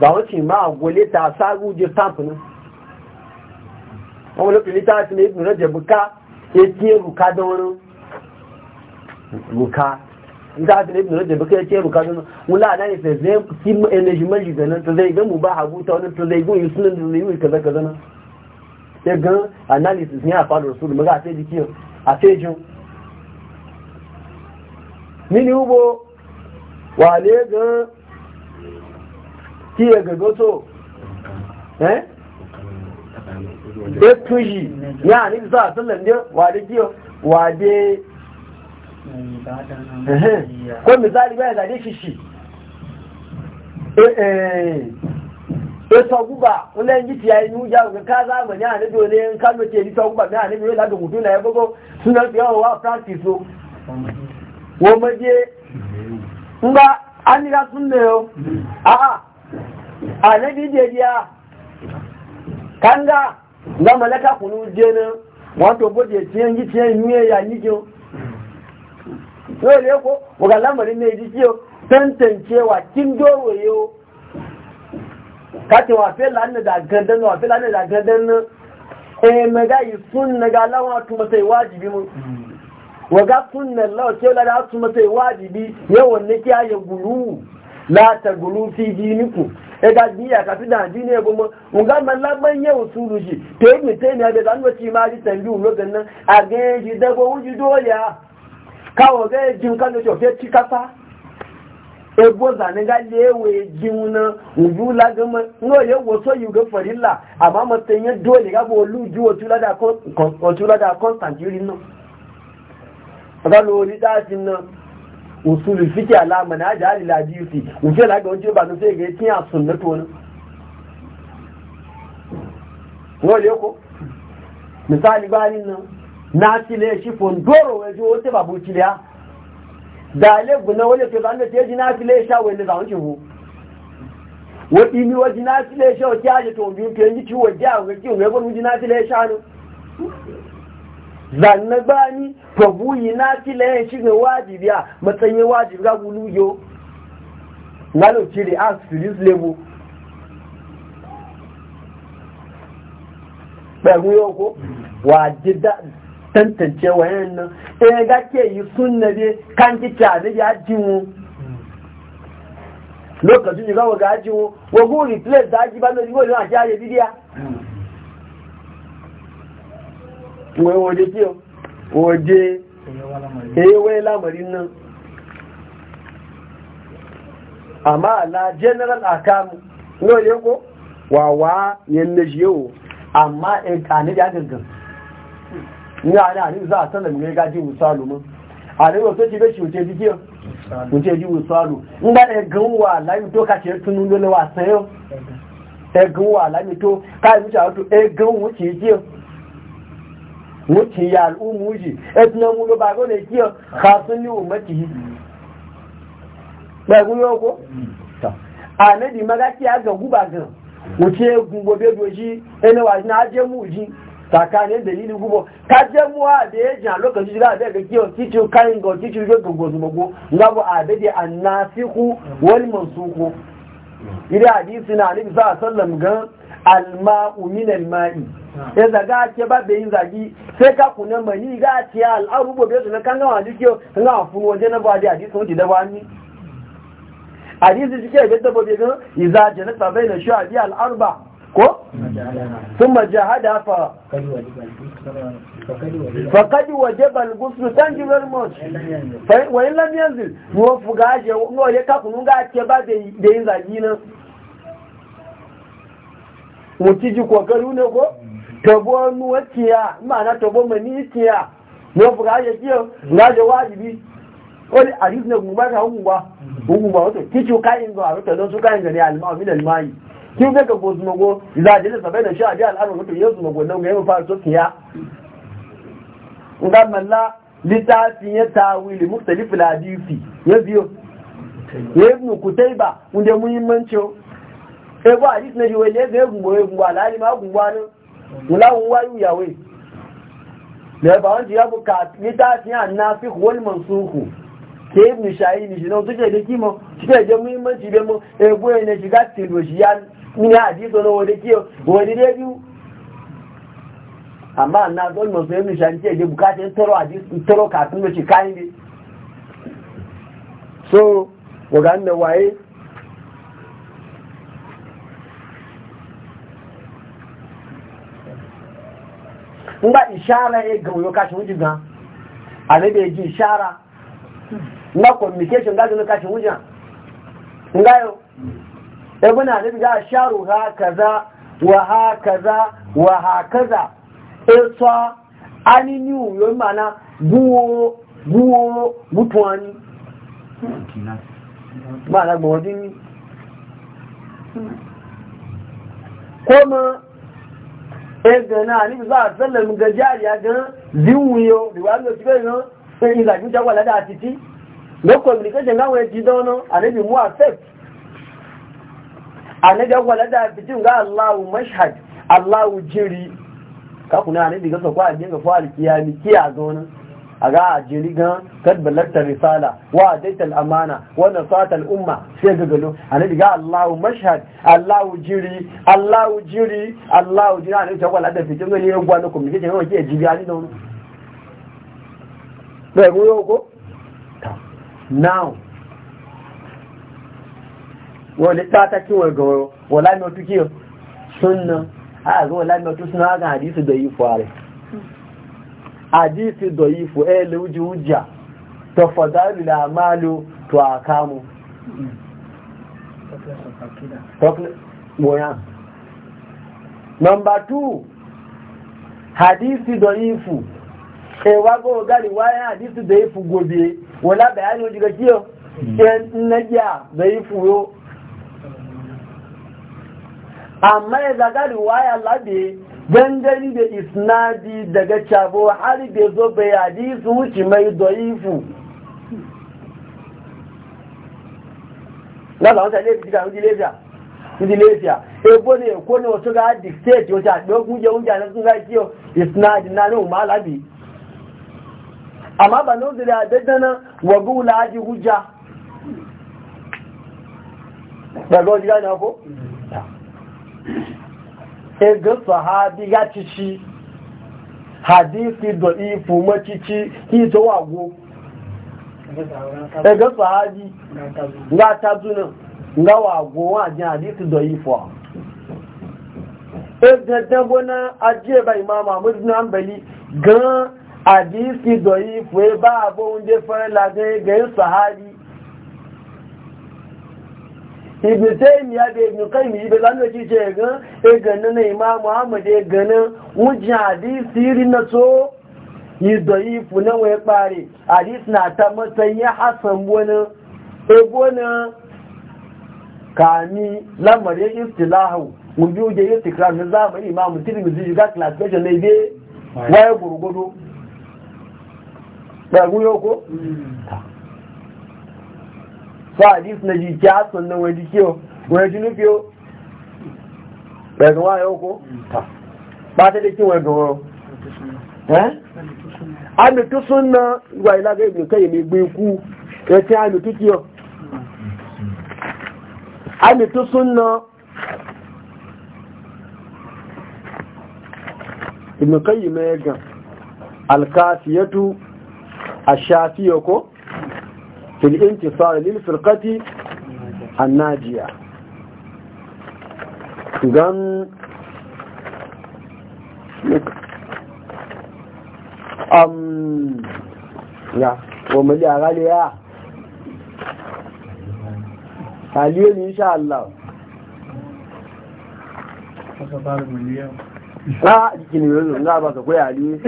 bàwọn tí máa wọ létà sáàrù jẹ stamp nù wọn lókè létà sí ní ìgbìmọ̀ jẹ bùká etí rùká dánwó rùká nígbà tí ní ìgbìmọ̀ jẹ bùká etí rùká dánwó wọn láàrin àyè fẹ̀ kí ẹnẹ́jì mẹ́jì gẹ̀ náà tó zẹ́ ìgbẹ́mù bá tó yìí ìlú náà sai gan analysis ni àfàdọ̀ sórí mọ́gá àtẹ́jì kí àtẹ́jù nínú ugbo wà lé gan kí ẹgbẹ̀gbẹ̀ tó ẹ́ tún yìí ní àníbísọ́ àtọ́lẹ̀ ní wà kí wà dé kó mìsáàlì bẹ́ẹ̀ ta guba wala yin gici yayin nuja ga ka zamani a nado ne in kalmo ke ni ta guba ne a nado ne daga mutu na ya bugo suna fiye wa practice so wo maje in ba an ni ga sun ne yo a a a na bi je biya kanga ga malaka kunu je ne wato boje tiyan gici yayin nuye ya ni jo yo le ko wa ga lamarin ne ji yo tantancewa kin doro yo kati wa fe lanne da gandan wa fe lanne da gandan eh mega yi sunna ga lawa to mutai wajibi mu mm. wa ga sunna lawa ce la da su mutai wajibi yawan ne kiya ya gulu la ta gulu fi diniku e ga biya ka fidan dini e gomo mun ga man la ban yau suruji to ibn taymiya da zan wace ma ji tambiyu logan nan a ga ji dago wuji dole ya kawo ga jin kan da to fe ci kasa ebo zane ga lewe jiuna ujula gama no ye woso yu ga farilla amma matanya dole ga bo luju otula da ko otula da constant yuri no aga lo ni da tin no usulu fiki ala manaja ali la uje la ga onje ba no se ga tin asunna to no no le ko misali ba ni na ti le shi fondoro we jo te babu ti le da lẹ́gùn na wani lè fẹ́ báńdẹ̀ tí ó jiná sí léṣà wọ́n lè zàwọn ṣìhú wọ́n ti ní wọ́n jiná sí léṣà ò tí a lè tòun bí ó kéré ní kí wọ́n jẹ́ àwọn kí òun ẹgbọ́n jiná sí léṣà nù zannagba ni na wajibi a matsayin wajibi ga gulu yo ngalo cire a spirit level pẹ̀lú yóò kó wà tantance wayan nan eh ga ke yi sunna be kan ki ya jiwo lokacin ni ga wa ga jiwo wa go replace da ji ba no go na ja ye bidiya we wo de ki wo de eh we la nan amma la general akamu no yego wa wa yen amma e gangan ní àárín àní za sallam ne ga ji wusalu mun a da yau sai ki gashi wuce jiki wuce ji wusalu in ba da gan wa lami to ka ce tunu dole wa san yau e gan wa lami to ka yi wuce wato e gan wuce jiki wuce ya al'ummu ji e tunan mu ba go ne ki ka sun ni ummati ba go yo ko a ne di magaki a ga guba gan wuce gungobe doji ene wa na je mu ji tsakanin dalilin gubo ka jamuwa da ya jan lokaci shiga da ga kiyo ticu kan ga ticu ga gugu zumago ngabu adadi annasiku wal mansuku ida hadisi na nabi sallallahu alaihi wasallam ga alma'u min alma'i ya zaga ke ba bai yin zagi sai ka kuna mani ga ce al'arubo bai su na kan wani jiki kan gawa funu waje na ba da hadisi wuce da wani hadisi shi ke da dabbobi ga iza janata baina shu'abi al'arba ko kuma jahada fa faqad wajaba al-ghusl tanjib al-maut wa in lam yanzil wo fugaje wo ya ka kunu ga ce ba da da yin zagi nan muti ji kokaru ne ko tabo nuwaciya ma'ana tabo maniciya wo fugaje kiyo ngaje wajibi wani hadis ne kuma ta hukuma hukuma wato kici kayan ga wato don su kayan ga ne al-ma'amil al-ma'i kin ga ko su mago za a jini sabai da shi a ji al'adun mutum yau su mago nan ga yau fara sosu ya ga malla littafin ya tawili muktalifu ladisi ya biyo ya ibnu kutaiba wanda muhimmancin e ba hadis na jiwa ne ga gumbo ya gumbo alhali ma gumbo ne mulawun wayu yawe da ba wanda ya buka littafin annafi wal mansuhu ke ibnu shayi ne shi nan suke da kima suke da muhimmanci da mu e boye ne shiga tiloshi ya mini hadisi wani wani kiyo wani ne biyu amma na zon masu yi mishan ce da bukatun taro so waye in ba ishara ya gauyo kashin wujin gan communication gajin kashin wujin ibn ali ga sharu ha kaza wa ha kaza wa ha kaza esa ani ni uyo mana guwo guwo mutuani mana gbodi ni kuma egana ali za sallam ga jariya ga ziwuyo riwa lo ti be no se ni la ju ja wala da titi lo communication ga we ti dono ale bi mu affect annabi ya kwala da fitin ga Allahu mashhad Allahu jiri ka kuna annabi ga sako a dinga fa alkiyami kiya zonin a ga a jiri gan kad balarta risala wa adaita al-amana wa nasata al-umma sai ga galo annabi ga Allahu mashhad Allahu jiri Allahu jiri Allahu jiri annabi ya kwala da fitin ga ne ya gwana kuma kike yawa ke jibi ani don bai mu yoko now wani tata kiwon gawo wala mai otu kiyo sunna a ga wala mai otu suna ga hadisi da yi fuware hadisi da yi fu eh lewuji wujja to fadalu la malu to akamu boya Nomba 2 hadisi da yi fu sai e, wago gari wayan hadisi da yi fu gobe wala bayani wajen ga kiyo mm. eh, na giya da yi fuyo amma ya zaga riwaya labe gangani da isnadi daga cabo har da zo bayani su wuce mai doifu lọ́la wọ́n tẹ̀lé ìdíkà ní ilé ebó ní èkó ní oṣù ká dìktéètì oṣù àgbẹ̀ógún jẹ oúnjẹ àlẹ́sùn láì tí ó ìsinà àdínà ní òun máa lábì àmá bà ní láàájú hújá pẹ̀lú ọjọ́ ega sahabi ya cici hadisi da ifu macici hizo wago ega sahabi ga tazunan ga wago wajen hadisi da ifu ega dabona ajiye bai mama mutum ambali gan hadisi da ifu ba abu wunde fara lagun ga yin sahabi ibi taimiya da ibn kaimi ibi zanen ci ce ga e ganin na imam muhammad e ganin wujin hadisi iri na so yi zaifu na wai kpari hadisi na ta matsayi hasan wani ebo na kami lamar ya istilahu wujin wujin ya tikrar na zamani imam tirmizi shiga classification na ibe waye gurgudu ɗagu yau ko? Mm. fa hadis na ji a sannan wani kiyo wani ji nufiyo bai gama yau ba ta da kin wani gama eh amitu sunna wa ila ga ibi kai mi gbe ku ya ti amitu kiyo amitu sunna ibn ga al-kafiyatu ash ko في الانتصار للفرقة الناجية قام أم لا وملي أغالي يا حاليا إن شاء الله لا يمكن يقولون لا بس أخوي علي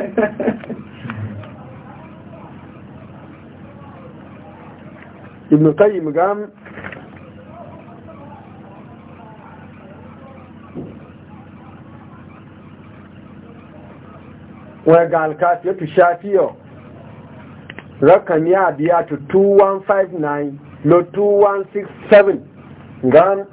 ibn qayyim gam wa ga alkafi ya shafiyo Rakami ya biya to 2159 lo 2167 gam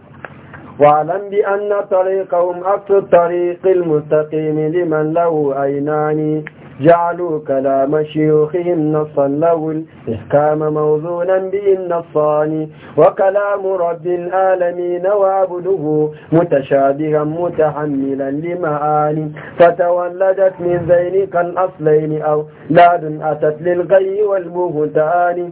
واعلم بأن طريقهم أكثر الطريق المستقيم لمن له عينان جعلوا كلام شيوخهم نصا له الإحكام موزونا به النصان وكلام رب العالمين وعبده متشابها متحملا لمعاني فتولدت من ذينك الأصلين أو لاد أتت للغي والبهتان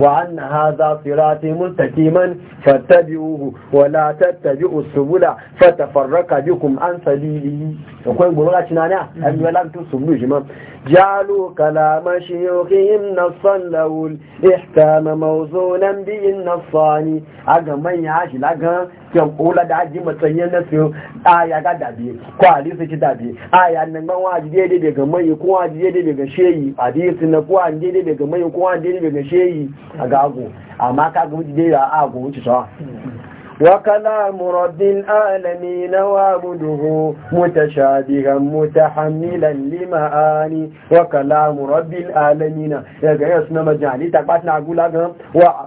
وأن هذا صراطي مستقيما فاتبعوه ولا تتبعوا السبل فتفرق بكم عن سبيله akwai gurga tunana an yi lantu sun bi jima jalu kalama shiyukhihim nasan lawul ihtama na bi a ga manya shi laga yan kula da aji matsayi na su a ya ga dabi ko hadisi ci dabi a ya nan ban waji daidai daga mai ko waji daidai daga sheyi a su na ko waji daidai daga mai ko waji daidai daga sheyi aga ago amma ka ga mu daidai a ago wuce sawa وكلام رب العالمين وعبده متشابها متحملا لمعاني وكلام رب العالمين يا اسمه مجالي تقباتنا أقول لك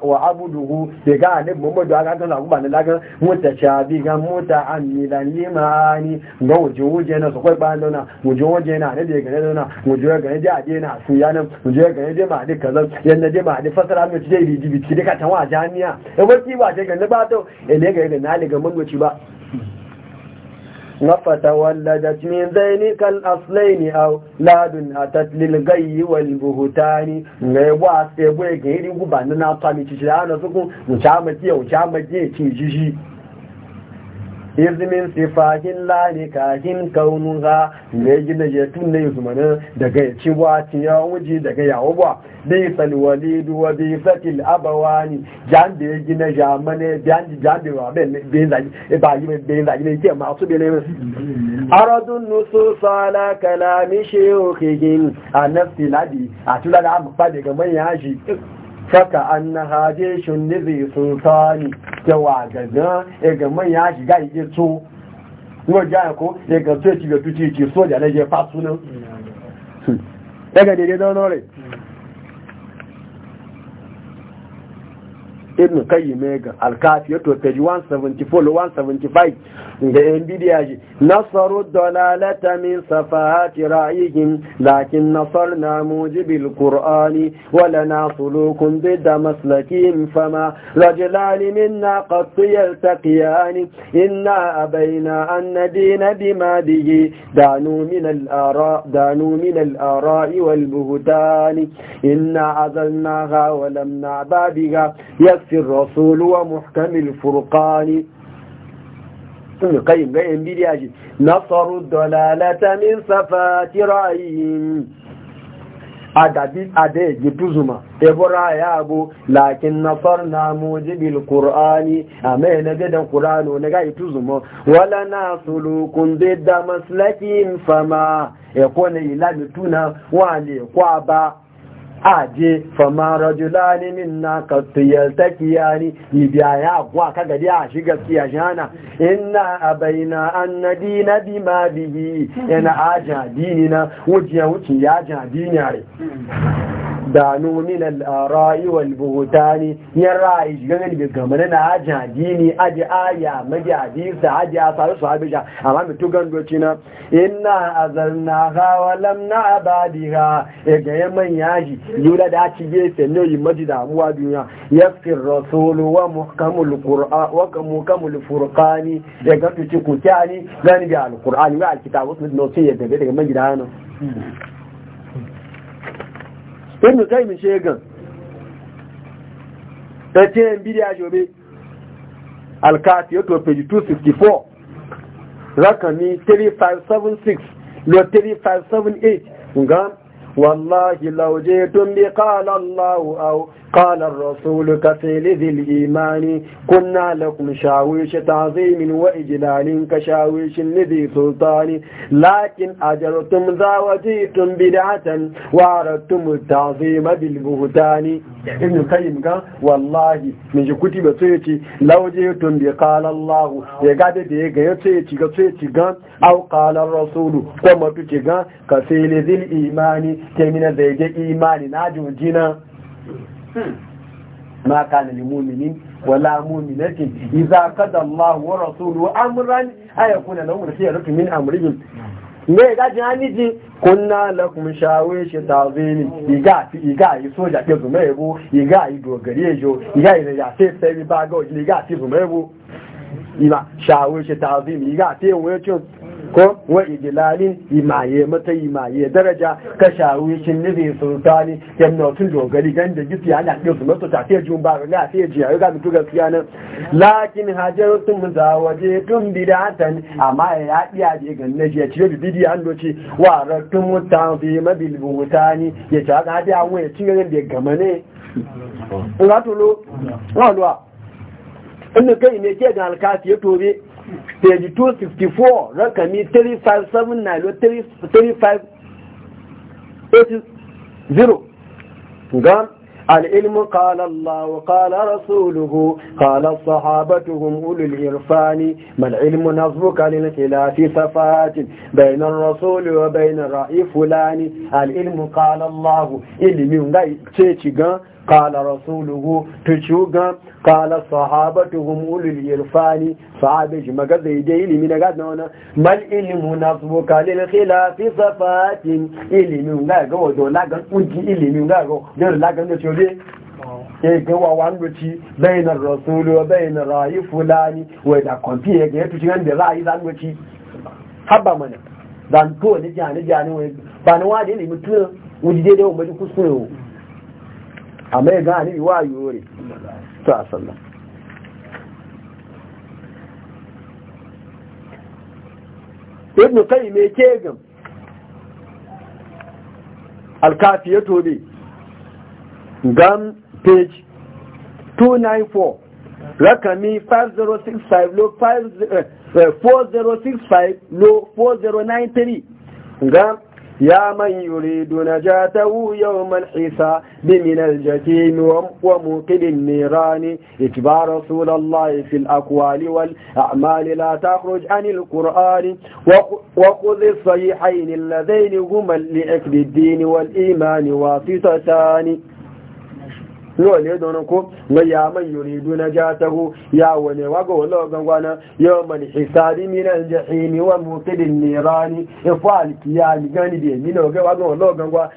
وعبده يقع نبو مدو أقول لك لك متشابها متحملا لمعاني وجوه جينا سقوي باندونا وجوه جينا نبي جينا وجوه جينا جادينا سويانا وجوه جينا جمع دي كذا ينا جمع دي فصل عمي تجي بيجي بيجي دي كتنوا جانيا وكي واجه جينا باتو ne ga na liga manwaci ba فَتَوَلَّدَتْ مِنْ ذَيْنِكَ الْأَصْلَيْنِ a لَادٌ أَتَتْ لِلْغَيِّ وَالْبُهُتَانِ Ngaiwa sai bai ga irin gubanin na mu ya izmin sifahin kaunu za ne gina jetun ne zumana daga ya ci wa ci ya wuji daga yawo ba bi salwali duwa bi fatil abawani jan da ya gina jamane jan jan da ba ben zagi e ba yi ben zagi ne ke masu bele ne aradun nusus ala kalami shaykhihim an nafsi ladi a tula da daga manyan shi saka an na haje shun ne zai sun sani yawa gaga ga manya shiga ije to yau jaya ko ya ga so ya ci ga tuci ci soja na je fasu nan daga mm. daidai don rai. ibn qayyim ga al-kafi yato page 174 175 ga yan ji nasaru dalalata min safahati ra'ihim lakin nasarna mujibil qur'ani wa lana sulukun bidda maslakin fama rajulani minna qad yaltaqiyani inna abayna an nadina bima danu min al-ara danu min al-ara'i wal buhtani inna azalnaha wa lam na'ba biha يأتي الرسول ومحكم الفرقان قيم قيم بلياجي nasaru dalalata min safati رأيهم adabi ade tuzuma. ebora ya abu lakin nasar na mujibil qur'ani amen na dan qur'ano na ga ituzuma wala kun didda maslakin fama e ko ne ila mituna wa ne aje fama rajulani minna kiyani takiyani biya ya kuwa ka gadi a shi gaskiya shana inna abaina annadi na bi ma bihi yana a dini na wuce wuce ya jadini dini a danu min al-ara'i wal buhtani ya ra'i ganin bi gamana na ajadi ni aji aya maji hadisi aji asaru sahabija amma mutu gando cina inna azalna ha wa lam na abadiha e ga yaman yaji yula da ci ge se no yi maji da muwa duniya yafkir rasulu wa muhkamul qur'an wa muhkamul furqani da ga tuci kutani gani bi al-qur'ani wa al-kitabu no sai ya gabe daga maji ibn qayyim shegan tace en bidiya jobe al-kafi yato 264 rakami 3576 lo 3578 ngam والله لو جئتم بقال الله أو قال الرسول كفيل ذي الإيمان كنا لكم شاويش تعظيم وإجلال كشاويش لذي سلطان لكن أجرتم ذا وجئتم بدعة وعرضتم التعظيم بالبهتان ابن القيم قال والله من كتب سيتي لو جئتم بقال الله يقعد ديك سيتي سيتي أو قال الرسول كما تتي كفيل ذي الإيمان kemina da yake imani na jojina ma kana lil mu'minin wala mu'minatin idza qada Allah wa rasuluhu amran Aya ayakuna lahum khiyaratu min amrihim me ga janiji kunna lakum shawish ta'zimi iga fi iga yi soja ke zumebo iga yi dogare jo iga yi ya se se bi bago iga ti zumebo iba shawish ta'zimi iga ti wecho ko wa ijilalin imaye mata imaye daraja ka shawi shin ne sultani Yan tun dogari gan da gifi ana ɗin su masu tafiya jun ba ga fiye ji ga mutu gaskiya nan lakin hajartum waje tun bidatan amma ya diya je gan ne ya cire bibidi, an doci wa ratum mutafi mabil butani ya ta ga da an waya cire da gamane in ina tolo wa lo in kai ne ke ga alkafi ya tobe Stage 264, rakami 3579-3580. Gan al’ilmu ƙala Allah wa ƙala Rasuluhu, ƙala sahabatuhun ulul irfani, mal ilmu na zuwa kalin ilafi safatin, bayanan Rasuluhu, bayanan ra’i fulani, al’ilmu ƙala Allah, ilimin ga ce ci gan قال رسوله تشوغا قال صحابتهم أولي الإرفان صحابة جمعة زيدين من قدنا ما الإلم نصبك للخلاف صفات أجي wa wangoci bayanar rasulu wa bayanar rayu fulani da kwamfi ya ga ya tushe da zangoci haba mana zanto jani jani ba wujide da kuskure amma ya gani wa yore ta sallah ibn kai me ke gam alkafiya ne gam page 294 rakami 5065 lo 4065 eh, eh, lo 4093 gam يا من يريد نجاته يوم الحصى بمن الجحيم وموقد النيران اتبع رسول الله في الأقوال والأعمال لا تخرج عن القرآن وخذ الصحيحين اللذين هما لأكل الدين والإيمان واسطتان yau ne don ko na ya man yuridu na jatahu ya wane waga wala gangwana yau man e gani be min gangwa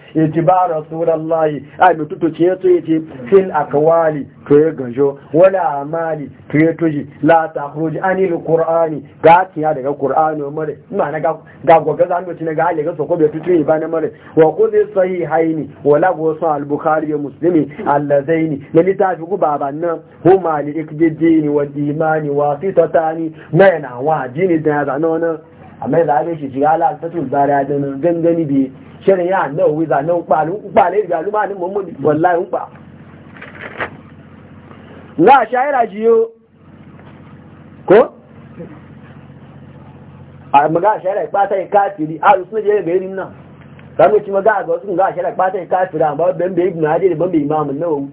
akwali to ya ganjo wala amali to ya toji la takhruj anil qur'ani ga daga na ga ga goga zan mutune ga ale ga soko be tutu ba na mare wa qul sahihaini wala go sai ne na littafi ku baban nan huma ni ikdidi ni wa na yana a kafiri a je ga yin nan sami ci a ga wasu ga shara bata ya kafira ba ban bai ibn hajar ban bai imamu nawawi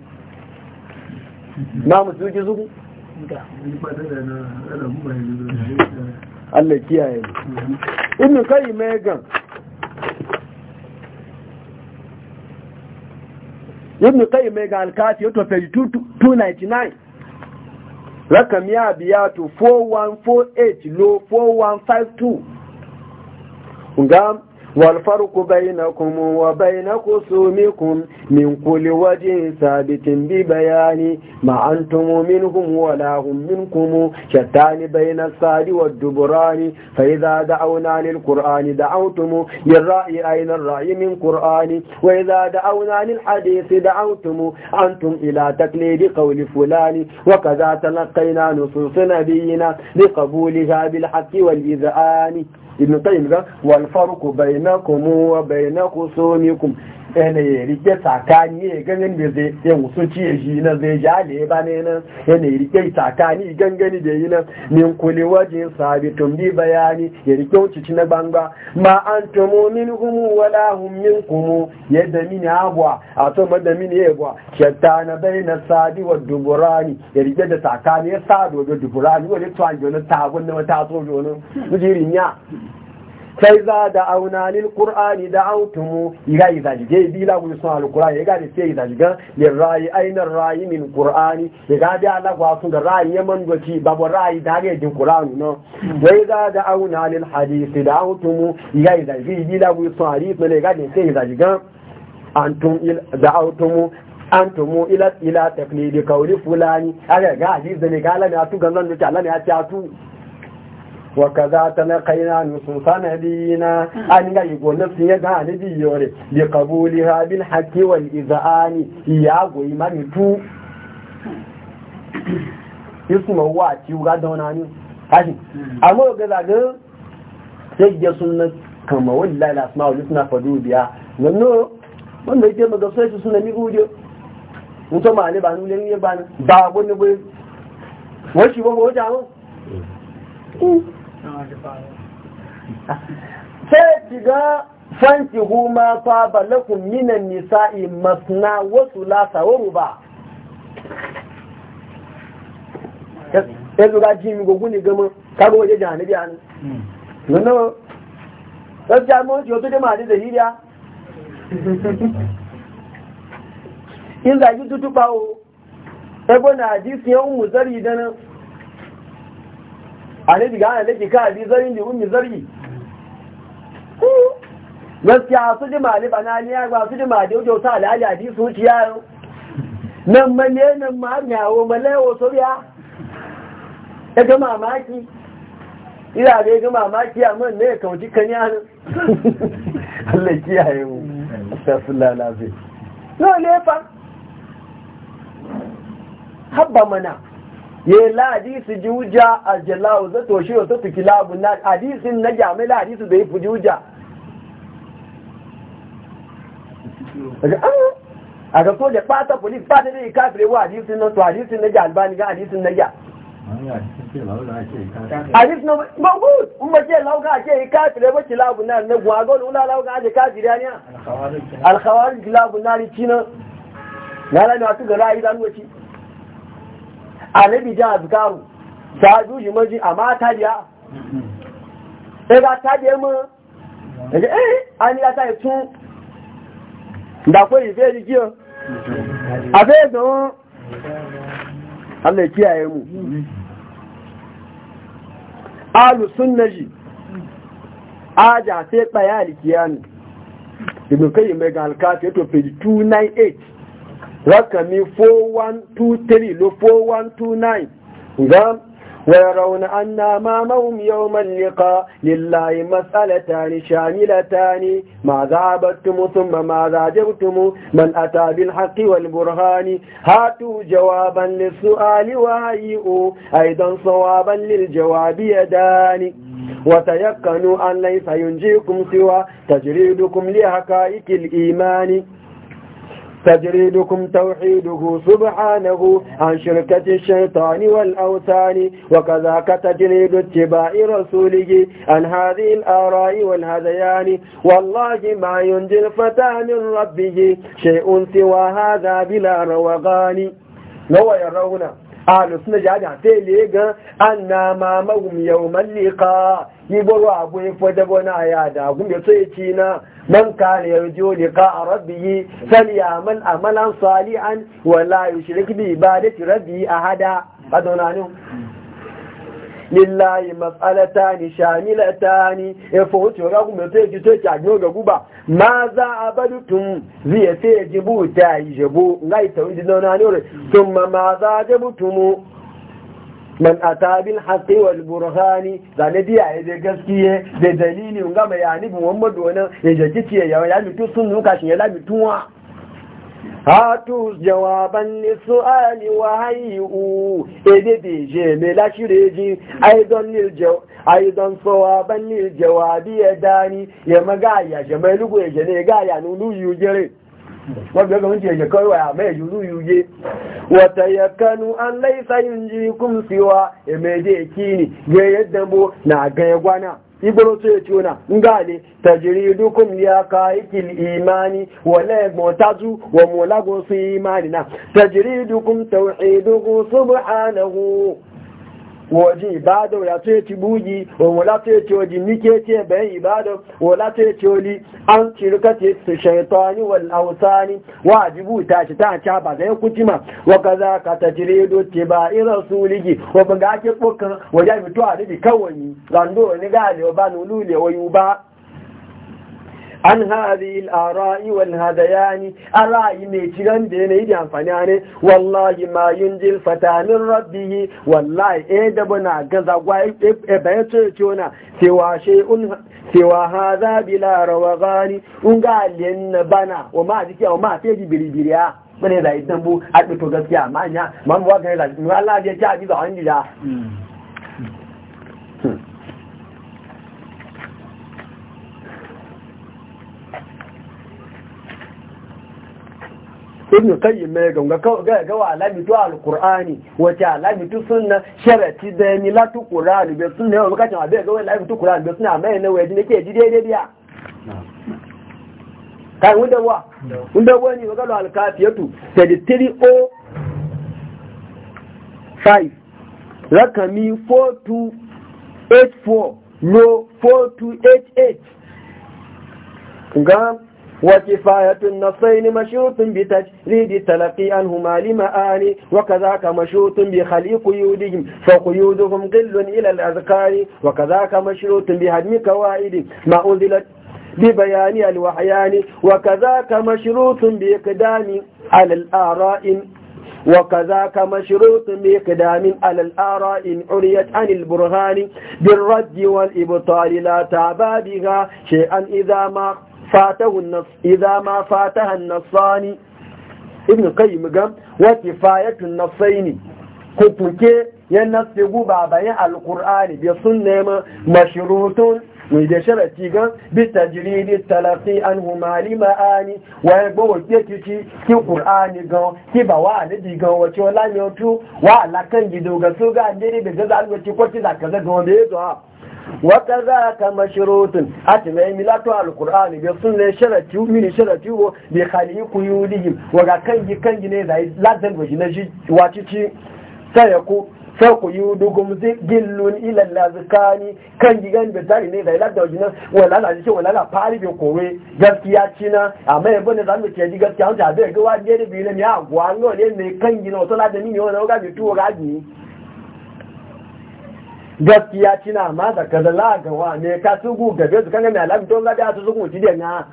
imamu su ji zuku Allah kiyaye ibn kai mai gan ibn kai mai gan alkafi yato 299 rakam ya biya to 4148 lo 4152 ngam والفرق بينكم وبين خصومكم من كل وجه ثابت ببيان ما أنتم منهم ولا هم منكم شتان بين الصاد والدبران فإذا دعونا للقرآن دعوتم للرأي أين الرأي من قرآن وإذا دعونا للحديث دعوتم أنتم إلى تقليد قول فلان وكذا تلقينا نصوص نبينا لقبولها بالحق والإذعان ibn qayyim ga wal farqu bainakum wa bainakum sunikum yana ya rike tsakani ya e gangan da zai ya e wusu ci ya shi na zai ja ne ba ne nan yana ya rike tsakani gangani da yi nan min kuli waje sabitun bi bayani ya rike wuce na gbangba ma an tumo min humu wala hum min kumu yadda mini abuwa a to ma da mini abuwa shatta na bai na sadi wa duburani ya rike da tsakani ya sadi wa duburani wani tuwan jonin tabun na mata so jonin mujirin ya sai za da aunanin ƙur'ani da autumu ya yi zajige bila kun sun alƙur'ani ya gadi sai zajiga ya rayi ainihin rayi min ƙur'ani ya gadi alagwa sun da rayi ya mangoci babu rayi da haka yajin ƙur'ani no sai za da aunanin hadisi da autumu ya yi zajige bila kun sun hadisi ne ya gadi sai zajiga antum da autumu an tumu ila ila taklidi kauli fulani aga ga hadisi ne ga Allah ne atu ganzan ne Allah ne ya ci atu وكذا تلقينا نصوصا نبينا أن يقول نفسي يدان بيوري لقبولها بالحق والإذعان إياغو إمام تو يسمى واتي وغادون عنه هاشي أمو كذا قل سيجي سنة كما ولا لا والإسماء فدوبيا لأنه بيا yake من sai su suna mi gudu mutum ma ne ba nule ne ba ba wani bai wani shi ba ba wajen sai shiga fanki huma saba lakum minan nisa'i masna wasu lasa ya zuga ji mi ne gama waje a nan nuna gaskiya mawanci wasu dai ma'adi da hiriya in zagi o ebe na hadisi muzari da annabi ga ana nake ka bi zarin da ummi zargi gaskiya su ji mali banani ya ba su ji mali ojo ta alhaji a ji su ci yaro nan male nan ma nyawo male wo soriya ya ga mamaki ila da ga mamaki a man ne ya kauci kan yaro Allah kiyaye mu astaghfirullah lazim no ne fa habba mana ye la hadisi ji wuja a jalawo za to shi wata fi kilabu na hadisin na jami la hadisi da yi fi ji wuja ah. a ga soja fata polis fata da yi kafire wa hadisin na to hadisin na ja albani ga hadisin na ja hadisin na mahmud in ba ce lauka ce yi kafire ba kilabu na na guwa ga wani wula lauka ake kafire ne alkhawarin kilabu na rikina na rana wasu ga ra'ayi zanuwaci anabi da azgaru ta juji maji amma ta biya sai ga ta biya mu daga eh an yi ta tun da ko yi zai rigiyo a zai zo Allah ya kiyaye mu alu sunnaji aja sai bayani kiyani ibn kayyim ga halka to page 298 rakami 4123 lo 4129 ga ويرون أن أمامهم يوم اللقاء لله مسألتان شاملتان ماذا عبدتم ثم ماذا جبتم من أتى بالحق والبرهان هاتوا جوابا للسؤال وهيئوا أيضا صوابا للجواب يدان وتيقنوا أن ليس ينجيكم سوى تجريدكم لحقائق الإيمان تجريدكم توحيده سبحانه عن شركة الشيطان والأوثان وكذاك تجريد اتباع رسوله عن هذه الآراء والهذيان والله ما ينجي الفتى من ربه شيء سوى هذا بلا روغان لو يرون أهل السنة جاء فيه ليقى أن أمامهم يوم اللقاء kibarwa abu ya fada na ya da gumbe so ya ci na man kana yarjo liqa rabbihi falyamal amalan salihan wa la yushrik bi ibadati rabbihi ahada adona ne lillahi mas'alatani shamilatani e fo to ga gumbe so ya ci to ci ajo ga guba ma za abadutum zai sai jibu ta yi bu, ngai tawidi nona ne thumma ma za jabutumu man ata bil haqqi burhani zane ne biya ya da gaskiye da dalili ga bayani bu Muhammadu wannan ya jaki ce ya ya sun nuka shi ya la mutuwa hatu jawaban ni su'ali wa hayyu ede de je me la shireji aidan ni jaw aidan sawaban ni jawabi ya dani ya maga ya je mai lugu wọ́n gbẹ́gbẹ́ oúnjẹ ẹ̀yẹ̀ kọ́ ìwà àmẹ́ ìyúrú ìyúyé wọ̀tẹ̀yẹ̀ kanu aláìsáyìn jí kún sí wa èmẹ́dẹ́ kíni gẹ́yẹ́ dẹ́mbó na gẹ́gbá na iboro tó yẹ tí ń ní aka ìmáni ẹgbọ̀n sí ìmáni náà woji ibado ya to ti buji o la to ti oji ni ke ti ebe ibado o la to ti oli an ti ruka ti su shaytani wal awsani wajibu ta ci ta zai kutima wa kaza ka ta jire do ti ba irasuliji o ba ga ke pokan wa ya mi to a di kawani zando ni ga le o ba nulule o yuba an hadhihi al-ara'i wal a ra'ayi ne cigan da yanayi da amfani ne wallahi ma yunjil fatanin min yi wallahi ɗaya eh, da bana gaza gwaye e eh, eh, bayan to ce wana sewa shay'un sewa hadha bila rawagani ga na bana wa ma jiki wa ma fe biribiriya bane da yi tambu a to gaskiya amma nya man wa ga ya ci a ji da ibn qayyim mai ganga ga ga wa alamitu alqur'ani wata alamitu sunna sharati da ni la tu qur'ani be sunna yau baka cewa be ga wa alamitu qur'ani be sunna mai ne waje nake ji daidai dia kai wanda wa wanda wa ni ga alkafiyatu 3305 rakami 4284 no 4288 ga وكفاية النصين مشروط بتجريد تلقي عنهما لمآل وكذاك مشروط بخلي قيودهم فقيودهم قل إلى الأذكار وكذاك مشروط بهدم كوائد ما أنزلت ببيان الوحيان وكذاك مشروط بإقدام على الآراء وكذاك مشروط بإقدام على الآراء عريت عن البرهان بالرد والإبطال لا تعبى بها شيئا إذا ما fatahu nas idza ma fataha an-nasani ibn qayyim gam wa kifayatu an-nasaini ko tuke yan nasi guba bayan al-qur'ani bi sunna ma mashrutun mai da sharati gan bi tajridi talafi an huma lima'ani wa ya gbowo ki ki qur'ani gan ki ba wa ne wace wala ne otu wa alakan gido ga so ga ne da gaza alwaci ko ti da kaza gan da yazo وكذاك مشروط أتمنى ملاتو القرآن بسنة شرطي من شرطي بخليق يوليهم وكان كان جنيزة لازم وجنجي واتيتي سيكون sauku yi dugum gillun ilan lazikani kan gigan da zari ne da ilar da wajen wala na jikin wala na fari bai kore gaskiya cina amma yabo ne zamu ce gaskiya wanda abin ga wajen da biyu ne ya gwa ne kan gina wata ladani ne wani ga bitu ga gaskiya tina ma da kaza la ga wa ne ka sugu gabe su kanga mai alabi don da su sugu ci da na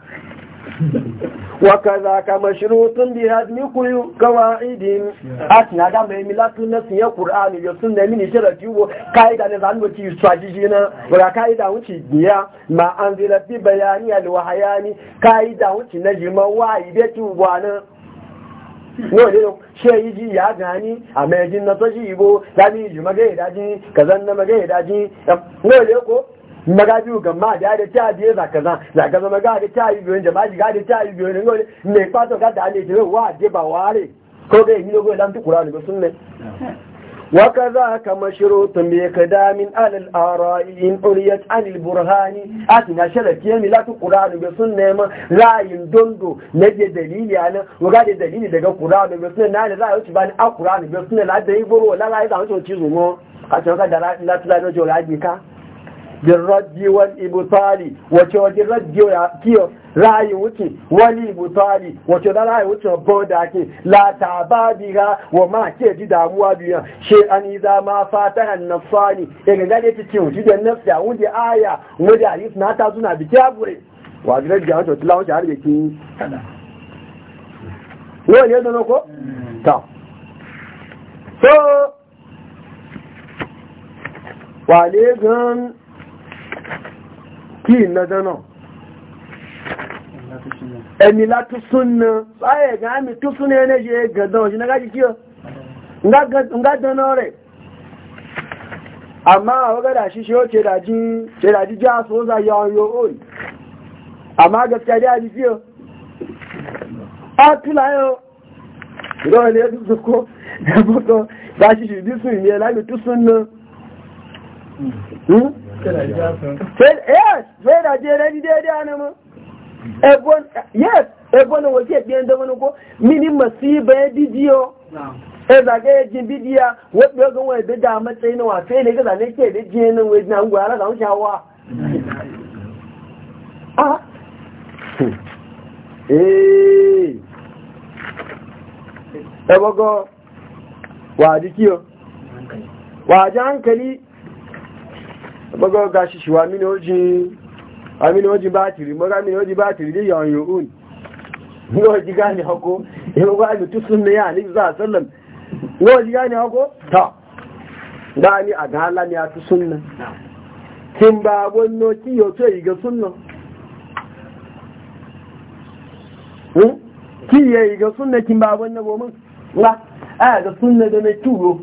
wa kaza ka mashrutun bi hadmi kuyu qawaidin asna da mai milatu na sun ya qur'ani ya sunna min sharati wo kaida ne zan wuci strategy na wa kaida wuci biya ma anzila bi bayani al wahyani kaida wuci na jima wa ibe bwana yau da yau shi ya gani a na sashi ibo zami ji kazan na yau ko ga ma da da ta biye za kaza za kaza maga da ta yi biyo jama'a ji ga da ta yi biyo ne ngole ne pato ga da ne ji wa je ba ware ko ga yi logo dan tukura ne sunne وكذا كما شروط بإقدام على الآراء إن أريت عن البرهان أتنا شرك يمي لا تقرآن بسنة ما لا يندندو نجي دليل يعني وقال دليل لك قرآن بسنة نعني لا يتبان أقرآن بسنة لا يبرو ولا لا يدعو تشيزو مو أتنا قد لا تلا نجو لا يبكا birraddi wal ibtali wace wa raddi ya kiyo ra'ayi wuce wal ibtali wace da ra'ayi wuce boda ke la tabadiha wa ma ke ji damuwa biya she an yi zama fata an-nafsani e ga gade ti ci wuce da nafsi a wuce aya wuce hadis na ta zuna biki kyabure wa gidan jawo to tilawo shi har yake kada wani yadda ko ta so wale gan kí ìnadán náà ẹni látú súnnà báyẹ̀ ẹ̀gán àmì tú súnnà ẹni ṣe gẹ̀dán òṣìnà kí ọ ǹgádán rẹ̀ àmá àwọ́gádà ṣíṣe ó ṣèdájí jẹ́ àṣòóza yọ ọyọ òòrì àmá gẹ̀kẹ́ yes sai da je rani daidai ana yes ebo na wace wani ko mini masiba ya bidiyo ya zaga ya jin bidiya wadda ya gan wadda matsayi na wafe ne na zane ke da jiye na wajen an gwara zan shawa ah wa ebogo wa jikiyo wa hankali bago gashi shi wa amini oji batiri maga mini oji batiri dai yawan yu'un ngo ji hako yau ga ni tusun ne ya ni za sallam ngo ji hako ta dani a ne a tusun nan kin ba gonno yi ga sunna yi ga a da na turo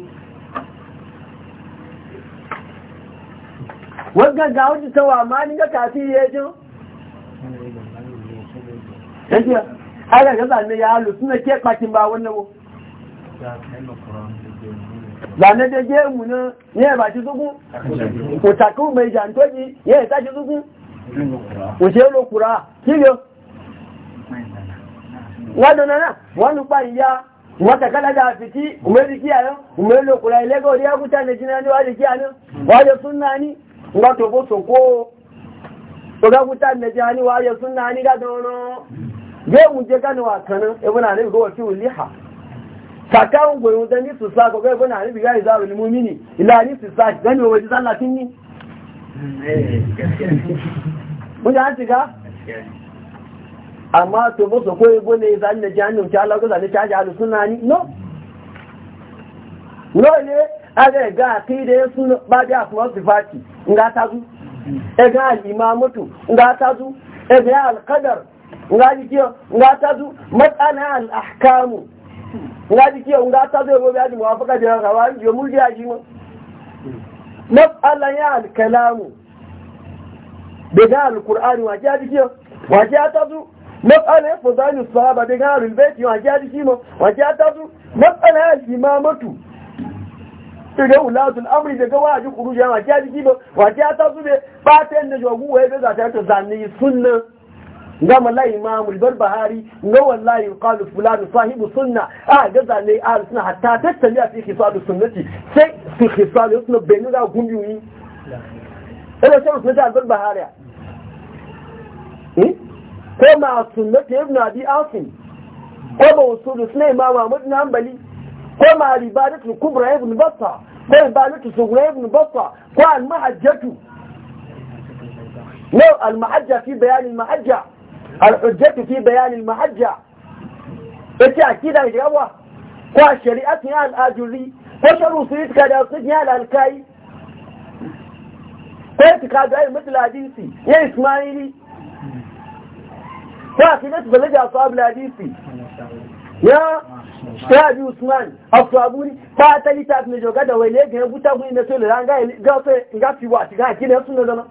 wannan ga wani tawa ma ni ga kafi ya je kaje ala ga zan ne ya lu suna ke kwakin ba wannan zane da ge mu ne ne ba ci zugu ko ta ko mai jan to ji ye ta ci zugu ko je lo kura kilo wadon na wan lu pa ya wa ta da fiti ume di kiya yo ume lo kura ile go di aku ta ne jina ni wa di kiya no wa de sunna ni nga to bo so ko to ga guta ne jani wa ya sunna ni ga dono ye mu je kan wa kana e bana ne go ti Saka sakan go yun dani su sa go ga e bana ne bi ga izaru ni mu'mini ila ni su sa gani wa ji sallah tin ni mun ya shiga amma to bo so ko e bone zan ne jani ta Allah go zan ta ja sunna ni no no ne aga ga akida ya suna ba da asma sifati nga tazu e ga al-imamatu nga tazu e ga al-qadar nga dikiyo nga tazu matsala al-ahkamu nga dikiyo nga tazu ya gobe aji muwafaka da rawa yo mulki aji mu matsala ya al-kalamu daga al-qur'ani wa ja dikiyo wa ja tazu matsala ya fudani sahaba daga al-bayt wa ja dikiyo wa ja tazu matsala al-imamatu daga ulatul amri daga ji kuruji ma ta jiki ba wa ta ta su be ba ta yanda jogu wai ga zata ta zanni sunna ga mallai imam al bahari ga wallahi qalu fulan sahibu sunna a ga zanni al sunna hatta tattali fi khisal sunnati sai fi khisal sunna benu da gumbi yi ina sai sunna al-barbahari eh ko ma sunnati ibn abi asim ko ba usul sunna imam ahmad na hanbali ko ma ribadatul kubra ibn batta ko ribadatul sughra ibn batta ko al mahajjatu لو المحجة في بيان المحجة الحجة في بيان المحجة انت اكيد يا جواب كو شريعتها الاجري وشرو سيد كذا سيدنا الكاي كنت كذا مثل حديثي يا اسماعيلي كافي نتبلج اصحاب الحديثي يا sai abi usman afu abuni ba ta lita ne joga da wani ga ya buta guni na so le ranga ga so ga fi wa ga ki eh, eh, ne sun da no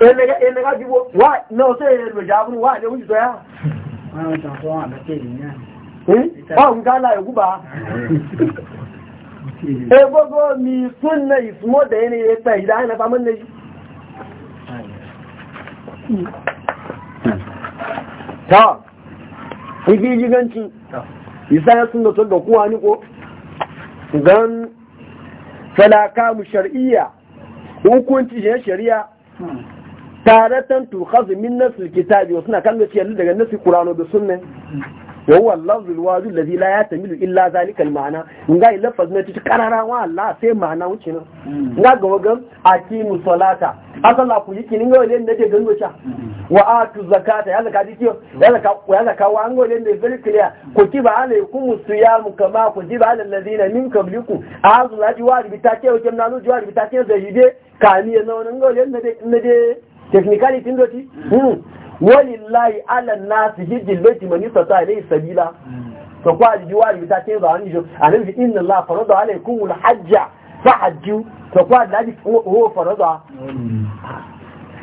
enega enega bi wa no bu wa to ya wa ta so ya ga la yugu ba e eh, gogo mi sunna ismo da ne ya ta ida na ba mun ne ta ibi giganci isa ya sun da sun da kuwa ni ko don talaka mu shari'a hukunci shi shari'a taratan tukhazu min nasu kitabi wasu na kan da ciyar daga nasu kurano da sunne wa huwa lafzul wajib alladhi la yatamilu illa zalika al-ma'na ngai lafaz ne tuti karara wa Allah sai ma'ana wuce nan mm. nga ga wagan aqimu salata asalla ku yiki ninga wale ne da gango cha mm. wa atu zakata ya zakati kiyo ya zakka ya zakka wa an gole ne very clear ku tiba alaykum siyam kama ku tiba alal ladina min qablikum azu laji wajibi ta ce wajen nanu wajibi ta ce zai hide kani ya nan ngole ne da ne technicality ndoti mm. walillahi ala nasi hijjil baiti man yastata ilayhi sabila to hmm. kwa jiwa wa ta ce ba ni jo anan fi inna allaha farada alaykum alhajja fahajju to kwa da ji ho farada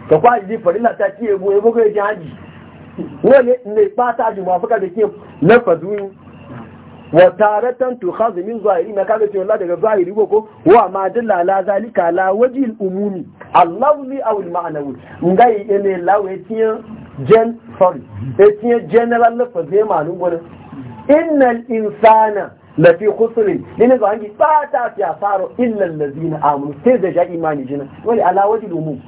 to kwa ji farila ta ce ebo ebo ga ji haji wale ne fata ji mafaka da ke fadu wa taratan tu khaz min zahiri na kaga ce wallahi daga zahiri ko ko wa ma dalla la zalika la wajil umumi allawi aw al ma'nawi ngai ene lawe tiyan gen sorry sai cinye general lafaz ne malum wani innal insana lafi khusri ne ga hangi ba ta fi asaro illa allazina amanu sai da ja imani jina wani ala wajhi lumum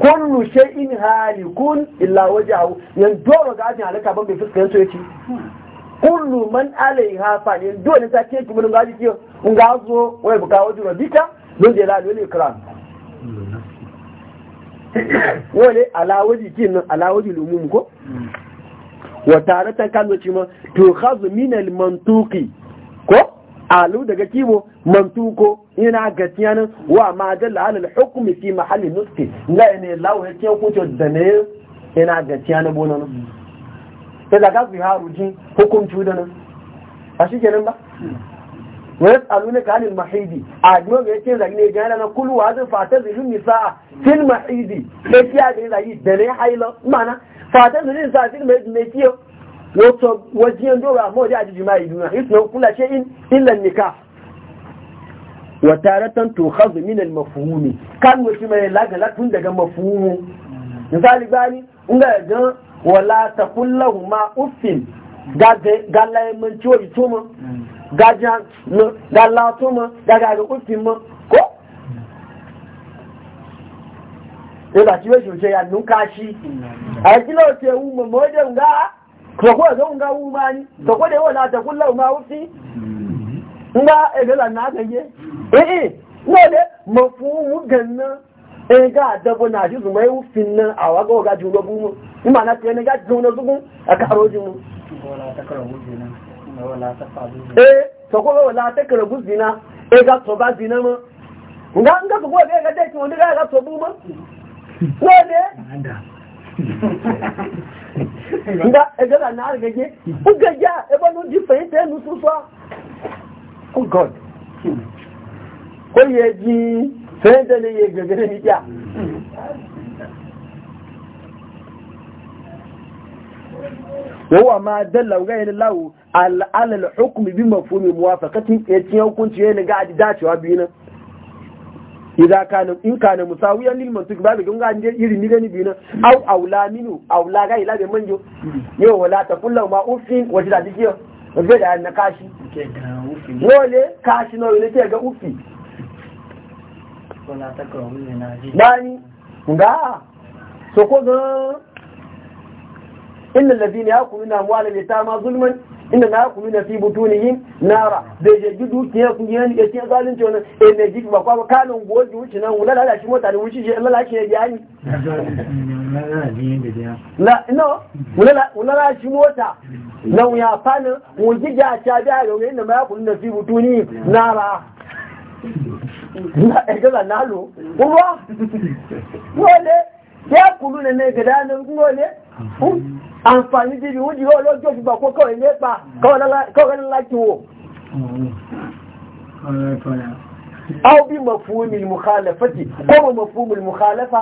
kullu shay'in halikun illa wajhahu yan dole ga ajin halaka ban bai fuskan so yace kullu man alaiha fa yan dole ta ce kuma ga ji kiyo in ga zo wai buka wajhu rabbika don da la lil ikram wale alawaji kin alawaji lumum ko wa tare ta kan wuce ma to khazu min al mantuqi ko alu daga kibo mantuko ina ga tiyanin wa ma dalla ala al hukm fi mahalli nutqi la ne lawo he ke kuto da ne ina ga tiyanin bonan sai daga su haruji hukunci da nan a shi kenan ba wani tsaro na kanin mahidi a duwa ga yake zagi ne gana na kulwa zai fata zirin nisa fil mahidi ya fiya da ya zagi da ne haila mana fata zirin nisa fil mahidi ne kiyo wato wajen dora amma wajen ajiji ma iduna isna kula ce in illan nika wa taratan to khazu min al mafhumi kan wuce mai lagala tun daga mafhumu misali bani in ga ga wala takullahu ma uffin ga ga lai mun gajan mo da lato ga ko e ba ti we ju se ya nun ka a ti lo wu mo mo nga ko ko zo nga wu ma ni to ko de wo la ta kullu ma wuti nga e la na ga ye eh no de mo fu wu ganna e ga da bo na ji zu mai na a wa ga ga ju lo bu mo ni ma na ke ne ga ju na zu gun Aka roji mu ko la ta na eh wala ta karabu zina e ga to ba zina ma nga nga ko ga ga dai wani ga ga to bu ma ko ne nga e ga na ga ge u ga ja e ba no di fe te nu su oh god ko ye ji fe de ne ye ga ga ni ja wa ma dalla ga ila lawo al'alal hukumi bi mafumi ya yace hukunci yana ga aji dacewa biyu nan idza kana in kana musawiyan lil mantiq ba ga ngan je iri miliyan gani biyu nan aw awla minu awla ga ila be manjo hmm. yo wala ta kullu ma ufin wata da dikiyo wata da na kashi wole kashi no ne ke ga ufi wala ta ko mun na ji dani nga so ko ga inna alladhina yakuluna amwala yatama zulman inda na kulu na fi butunihim nara da jirgi dukiya ku yi ya ce zalunci wani e, energy ba kwa kanin goji wuce nan wula lalashi mota da wuce shi lalashi ya biya ni wula lalashi mota na wuya fanin wuji ja ta biya ga wani inda ma ya kulu na fi butunihim nara na e, ga na lo kuma wale ya kulu ne ne gada ne ngo ne àǹfààní bíbi wọ́n jìrọ ọlọ́jọ́ ìgbà kọ́kọ́ ilé pa kọ́kọ́ láti wò áwọ́ bí mafúnmìl mùkálẹ̀fẹ́tì kọ́mọ̀ mafúnmìl mùkálẹ́fà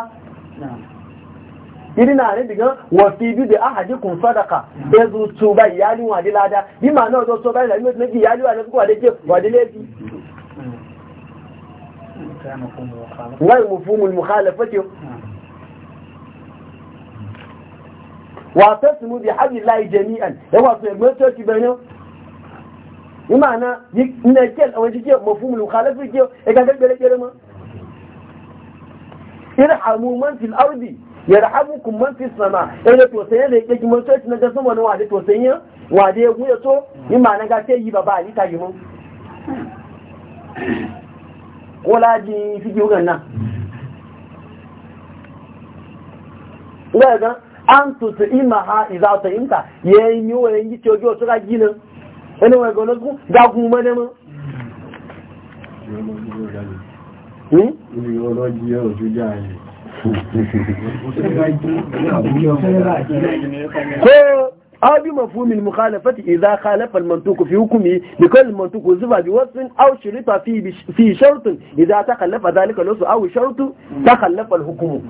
su mu bi hablillahi jami'an da wato ya gwato ki bayan imana ina kel a wajen kiyo mafhumul mukhalafu kiyo ya e ga gare gare ma irhamu man fil ardi yarhamukum man fis sama ina e to sai ne yake kuma to na ga sama ne wade to sai ya wade ya guya to imana ga sai yi baba ni ta yi mun kola ji fiki hugan nan ina ga an tutu ima ha iza ta imta ya yi yi wa yanyi ce ojo tura gina wani wani ga wani ga kuma ne ma ko abi mafhumin mukhalafati idza khalafa al-mantuq fi hukmi bi kulli mantuq zuba bi wasl aw shirita fi fi shart idza takhallafa dhalika al-wasf aw shart takhallafa al hukmu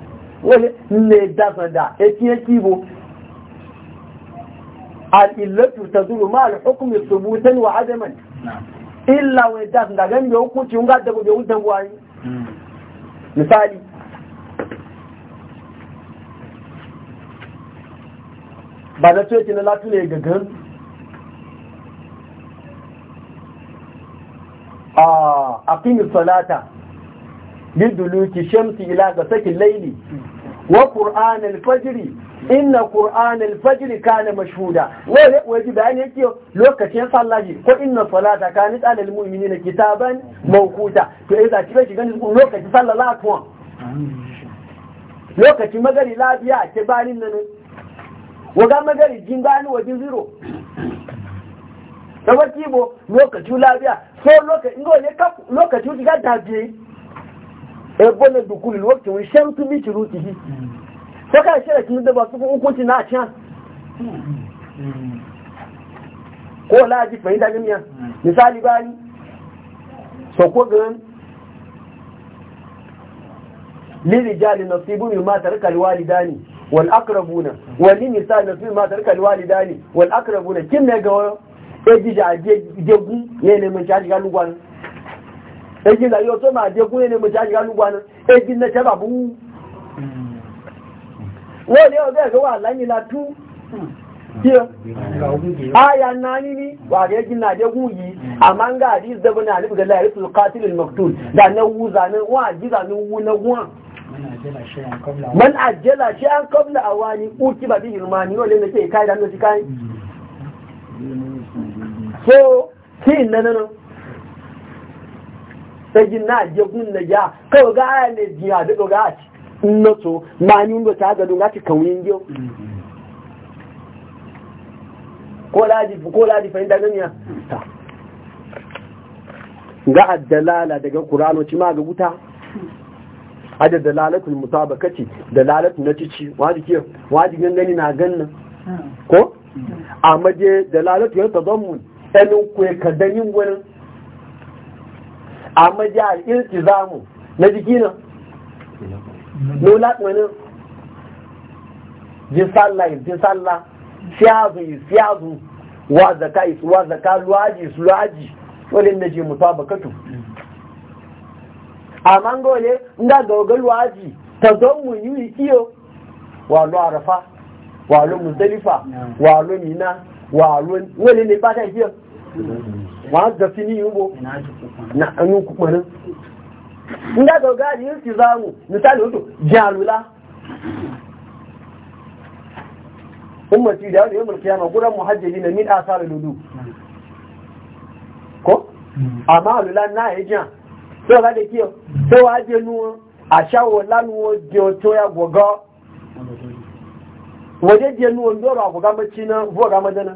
wani le dafada etiye kibo al'illatu ta zuru ma al'ukumi subutan wa adaman illa wani dafada gani ya hukunci yunga da gobe wutan buwari misali ba na coci na latu ne gagan a aqimis salata biduluki shamsi ila ga sakin laili wa qur'an al-fajr inna qur'an al-fajr kana mashhuda wai waji bayani yake lokacin sallaji ko inna salata kanat alal mu'minina kitaban mawquta to idan kiba shi ganin lokacin sallah tuwa lokacin magari lafiya ke banin nan waga magari jin bani wajin zero da wakibo lokacin lafiya so lokacin ga ne lokacin ga dabiye ebonin dukulul wakti wani shartu ruti shiru tihi ta kan shirar kinin da ba su kun hukunci na can ko laji fahimta gamiya misali bani sauko Lili lirijali nasibu min ma tarka dani wal aqrabuna wal nisa nasibu ma tarka alwalidani wal aqrabuna kin ne ga wayo e jija je jegu ne ne mun shaji ga ẹgbẹ́ ìlàyé ọ̀tọ́ máa jẹ gún ẹni mo jáde lálúgbà náà ẹgbẹ́ iná tẹ́bà bú wọ́n ní ọ̀gẹ́ ẹ̀gẹ́ wà láyìnlá tú ayà náà níní wà rẹ̀ jí náà jẹ́gún yìí àmá ń gáà rí zẹ́gbọ́n náà níbi gẹ́lá ẹ̀rí kátìlì nocturne dáná wú zàní wọ́n àjíza ní wú na wọ́n man àjẹ́là ṣe án kọ́bùlà àwa ni kú tí bàbí yorùbá ni ó lé lẹ́sẹ̀ so sai na je gun na ja kai ga aya ne jiya da ga ci na so ma ni ngo ta ga dunga ci yin yo ko laji ko laji fa inda ganiya ga addalala daga qur'ano ci ma ga guta hada dalalatul mutabakati dalalatu na cici wadi ke wadi gani na ganna ko amma je dalalatu ya tazammun ɗanin ku ya kadanin wani amma ji al'iltizamu na jiki nan lola tsanin ji sallah ji sallah siyazu yi siyazu wa zaka yi wa zaka luwaji su luwaji wadin na je mutuwa bakatu amma gole nga ga ga luwaji ta don mu yi iyo wa lu arafa wa lu muzdalifa wa lu mina wa lu wani ne ba ta iyo wa da yi yubo na anu kuma nan inda ga gari yin ti zamu misali wato jalula ummati da yawon yawon kiyama guran muhajjali na min asar ludu ko amma lula na ya jiya sai wa da kiyo sai wa je nuwa a shawo lanuwa je ya gogo waje je nuwa ndoro a goga maci na vuwa ga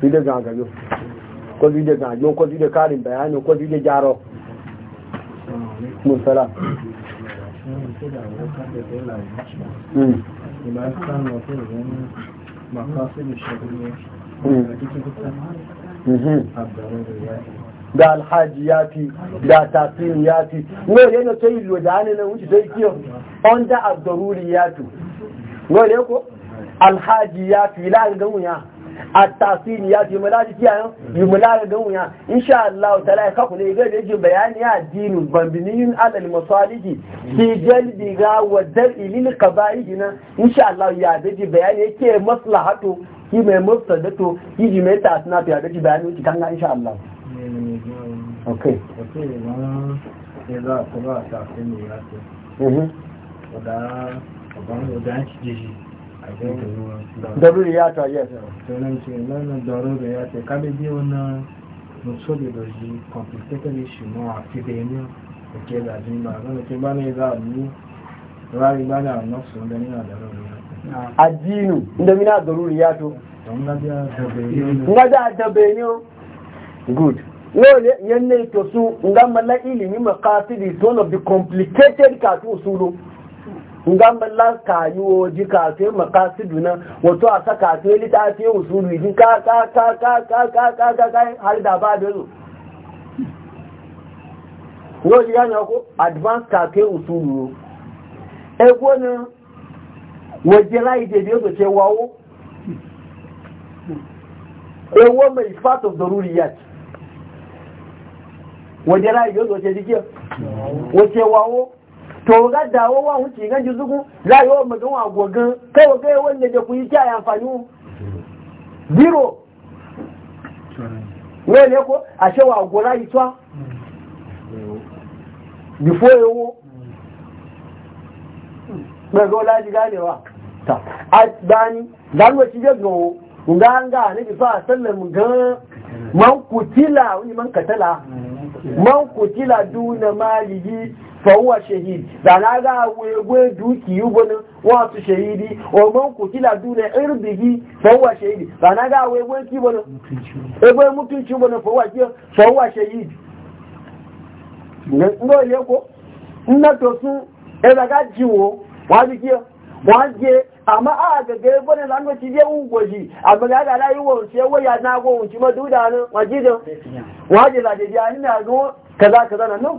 su da gagayo ko su da gagayo ko su da karin bayani ko su da gyaro musala da hmm. hmm. hmm. alhaji ya fi da tafiyar ya fi wani yana ta yi lodani na wuce sai kiyo on da abdaruri ya fi wani ko alhaji ya fi la'an gamu ya at-tasir ya jumla ji kiyaye jumla ga wuya insha Allah ta'ala ka ku ne ga ji bayani ya dinu bambinin alal masalihi fi jalbi ga wa dar'i lil qaba'ihina insha Allah ya daji bayani yake maslahatu ki mai mafsadato ki ji mai tasna ta daji bayani ki kan insha Allah okay okay ya za ba ta shi daruriyata yes daruriyata kabe je wannan so da doji complicated issue mo àti bẹ̀rẹ̀ òkè ìdájí nígbà lọ́nà tí bá ní ìdá a rárí bá ní àwọn nọ́ọ̀sì ń bẹ nínú àdàrọ̀ rẹ̀ àjínú ndẹ́mínà àdọ̀rú rí yàtọ̀ ngájá àjẹbẹ̀ ní ó good lóòlẹ̀ yẹn ní ìtòsú ngámọ́lá ìlì ilimi ma sí the of the complicated cartoon solo ngamban la kayu ji ka te makasidu na wato a saka te li ta ke usulu ji ka ka ka ka ka ka ka ka ka har da ba da zo wo ji yana ko advance ka te usulu e gona wo ji rai de de so ce wawo e wo mai part of daruriyat wo ji rai de so ce dikiya wo ce wawo to ga dawo wa wuce ga jizugu za yi wa magan wa gogan kai wa kai wanda da biro ne ko a ce wa gora yi tuwa laji ganewa ta a dani zanwaci gaggawo ne man kutila man katala man kutila duna malihi fọwọ́ ṣehid dàlágà àwọn ewé dúkìí wọn wọ́n tún ṣehidi ọgbọ́n kò kí làdúrẹ̀ irúbìgì fọwọ́ ṣehidi dàlágà àwọn ewé kí wọn ewé mú ṣe wọn fọwọ́ ṣehid ńlọ ilé kó sún ẹ̀dàgá wọ́n kí wọ́n jẹ́ àmọ́ àgẹ̀gẹ̀ ẹgbọ́n ti jẹ́ aláyíwò ṣe náà wọ́n ti mọ́ dúdà wọ́n jẹ́ náà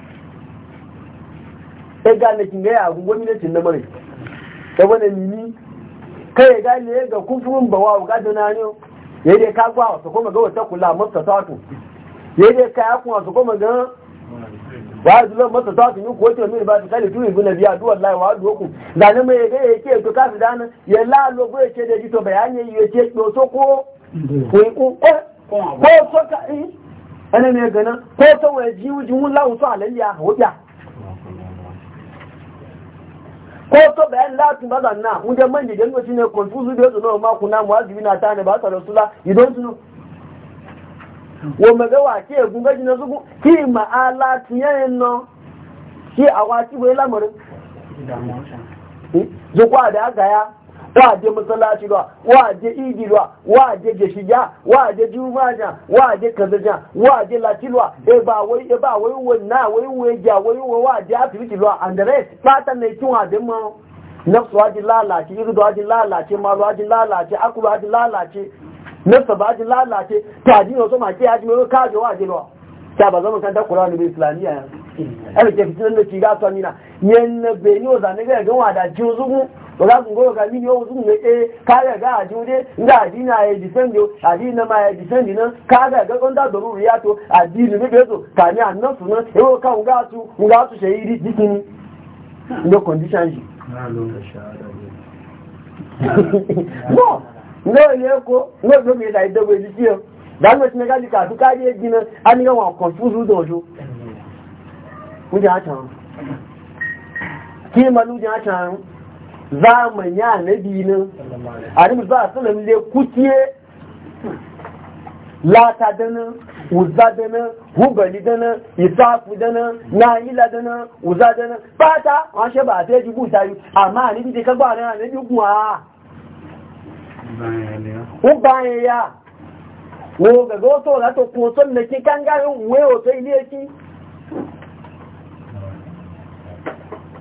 ya gane kin ga ya gwamnatin na mare ya wani mini kai ya gane ga kufurin ba wa ga dana ne ya dai ka gwa a kuma ga wata kula masa sato ya dai ka ya kuma su kuma ga wa zuwa masa sato ni ko ta ba ta kale tuni bin biya duwa wallahi wa duwa ku da ne mai ga yake to ka da nan ya la lo go yake da jito bayani yake to so ko ko eh, ko so ka ana eh. ne gana ko to waji wujin wallahu ta'ala ya ko to bayan latin ba zan na mun da man jigan wacin ne confuse da zuwa ma kuna mu azumi na tane ba sa rasula you don't know wo mege wa ke egun gaji e na zugu ki ma ala tiyen no ki awa ti we lamorin zukwa da hm? ga ya waje masallaci ruwa waje igi ruwa waje gashija waje jumaja waje kazaja waje latilwa e ba wai e ba wai wanna wai wai ja wai wai waje asibiti ruwa and the rest fatan ne tun waje mu nafsu waje lalace irdu waje lalace malu waje lalace akulu waje lalace nafsu waje lalace taji ne so ma ke yaji mai kaje waje ruwa ta ba zama kan da ne bai islamiyya ya ke fitin da ci ga to amina yan be yo zanne ga ga wada juzugu ba za su goga mini yau sun ne eh ka ga ga ajude ga adina ya defendo adina ma ya defendi na ka ga ga kon da doru ya to adini ne bezo ka ni annan su nan ewo ka nga su nga su shehidi dikini ndo condition ji no ndo yeko ndo ndo mi da idogo dikio dan mo tinga ji ka ka gina ani ga wa confuse do jo mu ja chan ki ja chan zamani annabi ne annabi ba sallam le kutiye lata dana uza dana hubali dana isafu dana nahila dana uza dana pata wọn ṣe bá àti ẹjú ìtayú àmá àníbi ti kẹgbà rẹ̀ àníbi gùn àá ó bá ya wo gẹ̀gẹ́ ó tó látòkùn tó lè kí kángárí òun wé òtó ilé ẹkí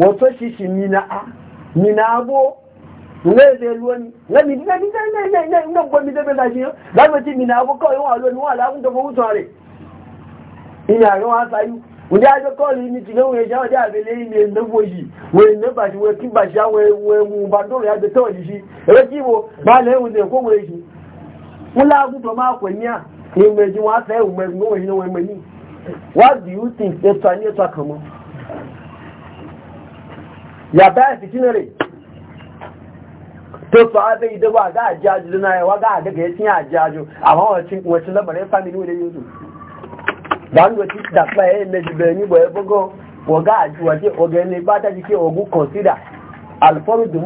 wato shi shi mina a mina abo ne zai ruwa ni na mi na mi na na na na na gwa mi zai da shi mu mina kawai wa ruwa ni wa la da mu tare ina ga wa sayu wani ya ga kawai ni ti ga ja da abele ni ne bo shi wa ne ba shi wa ki ba sha wa wa mu ba do ya da shi e ki bo ba le un ne, ko mu shi mula gu to ma ko niya ni me ji wa sai me ngo wa ni wa me ni what do you think that's e e any ya baya fitinare to fa zai da ba ga ajaju na yawa ga ga yatin ajaju amma wacin wacin labarin family ne yanzu dan go tik da fa eh meji beni boye bogo wa ga aju wa ke ogene ba ta jike ogu consider al fardu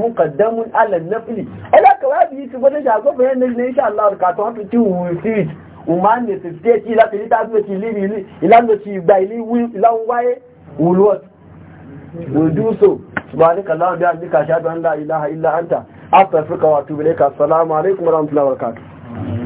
ala nafli ala kawabi su bada jago bayan ne insha Allah ka to hatu ti we fit umman ne 58 ila ila 30 ta 30 ila 30 ila 30 ila 30 ila 30 ila 30 ila 30 will subhanaka allahumma bi hamdika ashhadu an la ilaha illa anta astaghfiruka wa atubu ilayka assalamu alaikum wa rahmatullahi wa barakatuh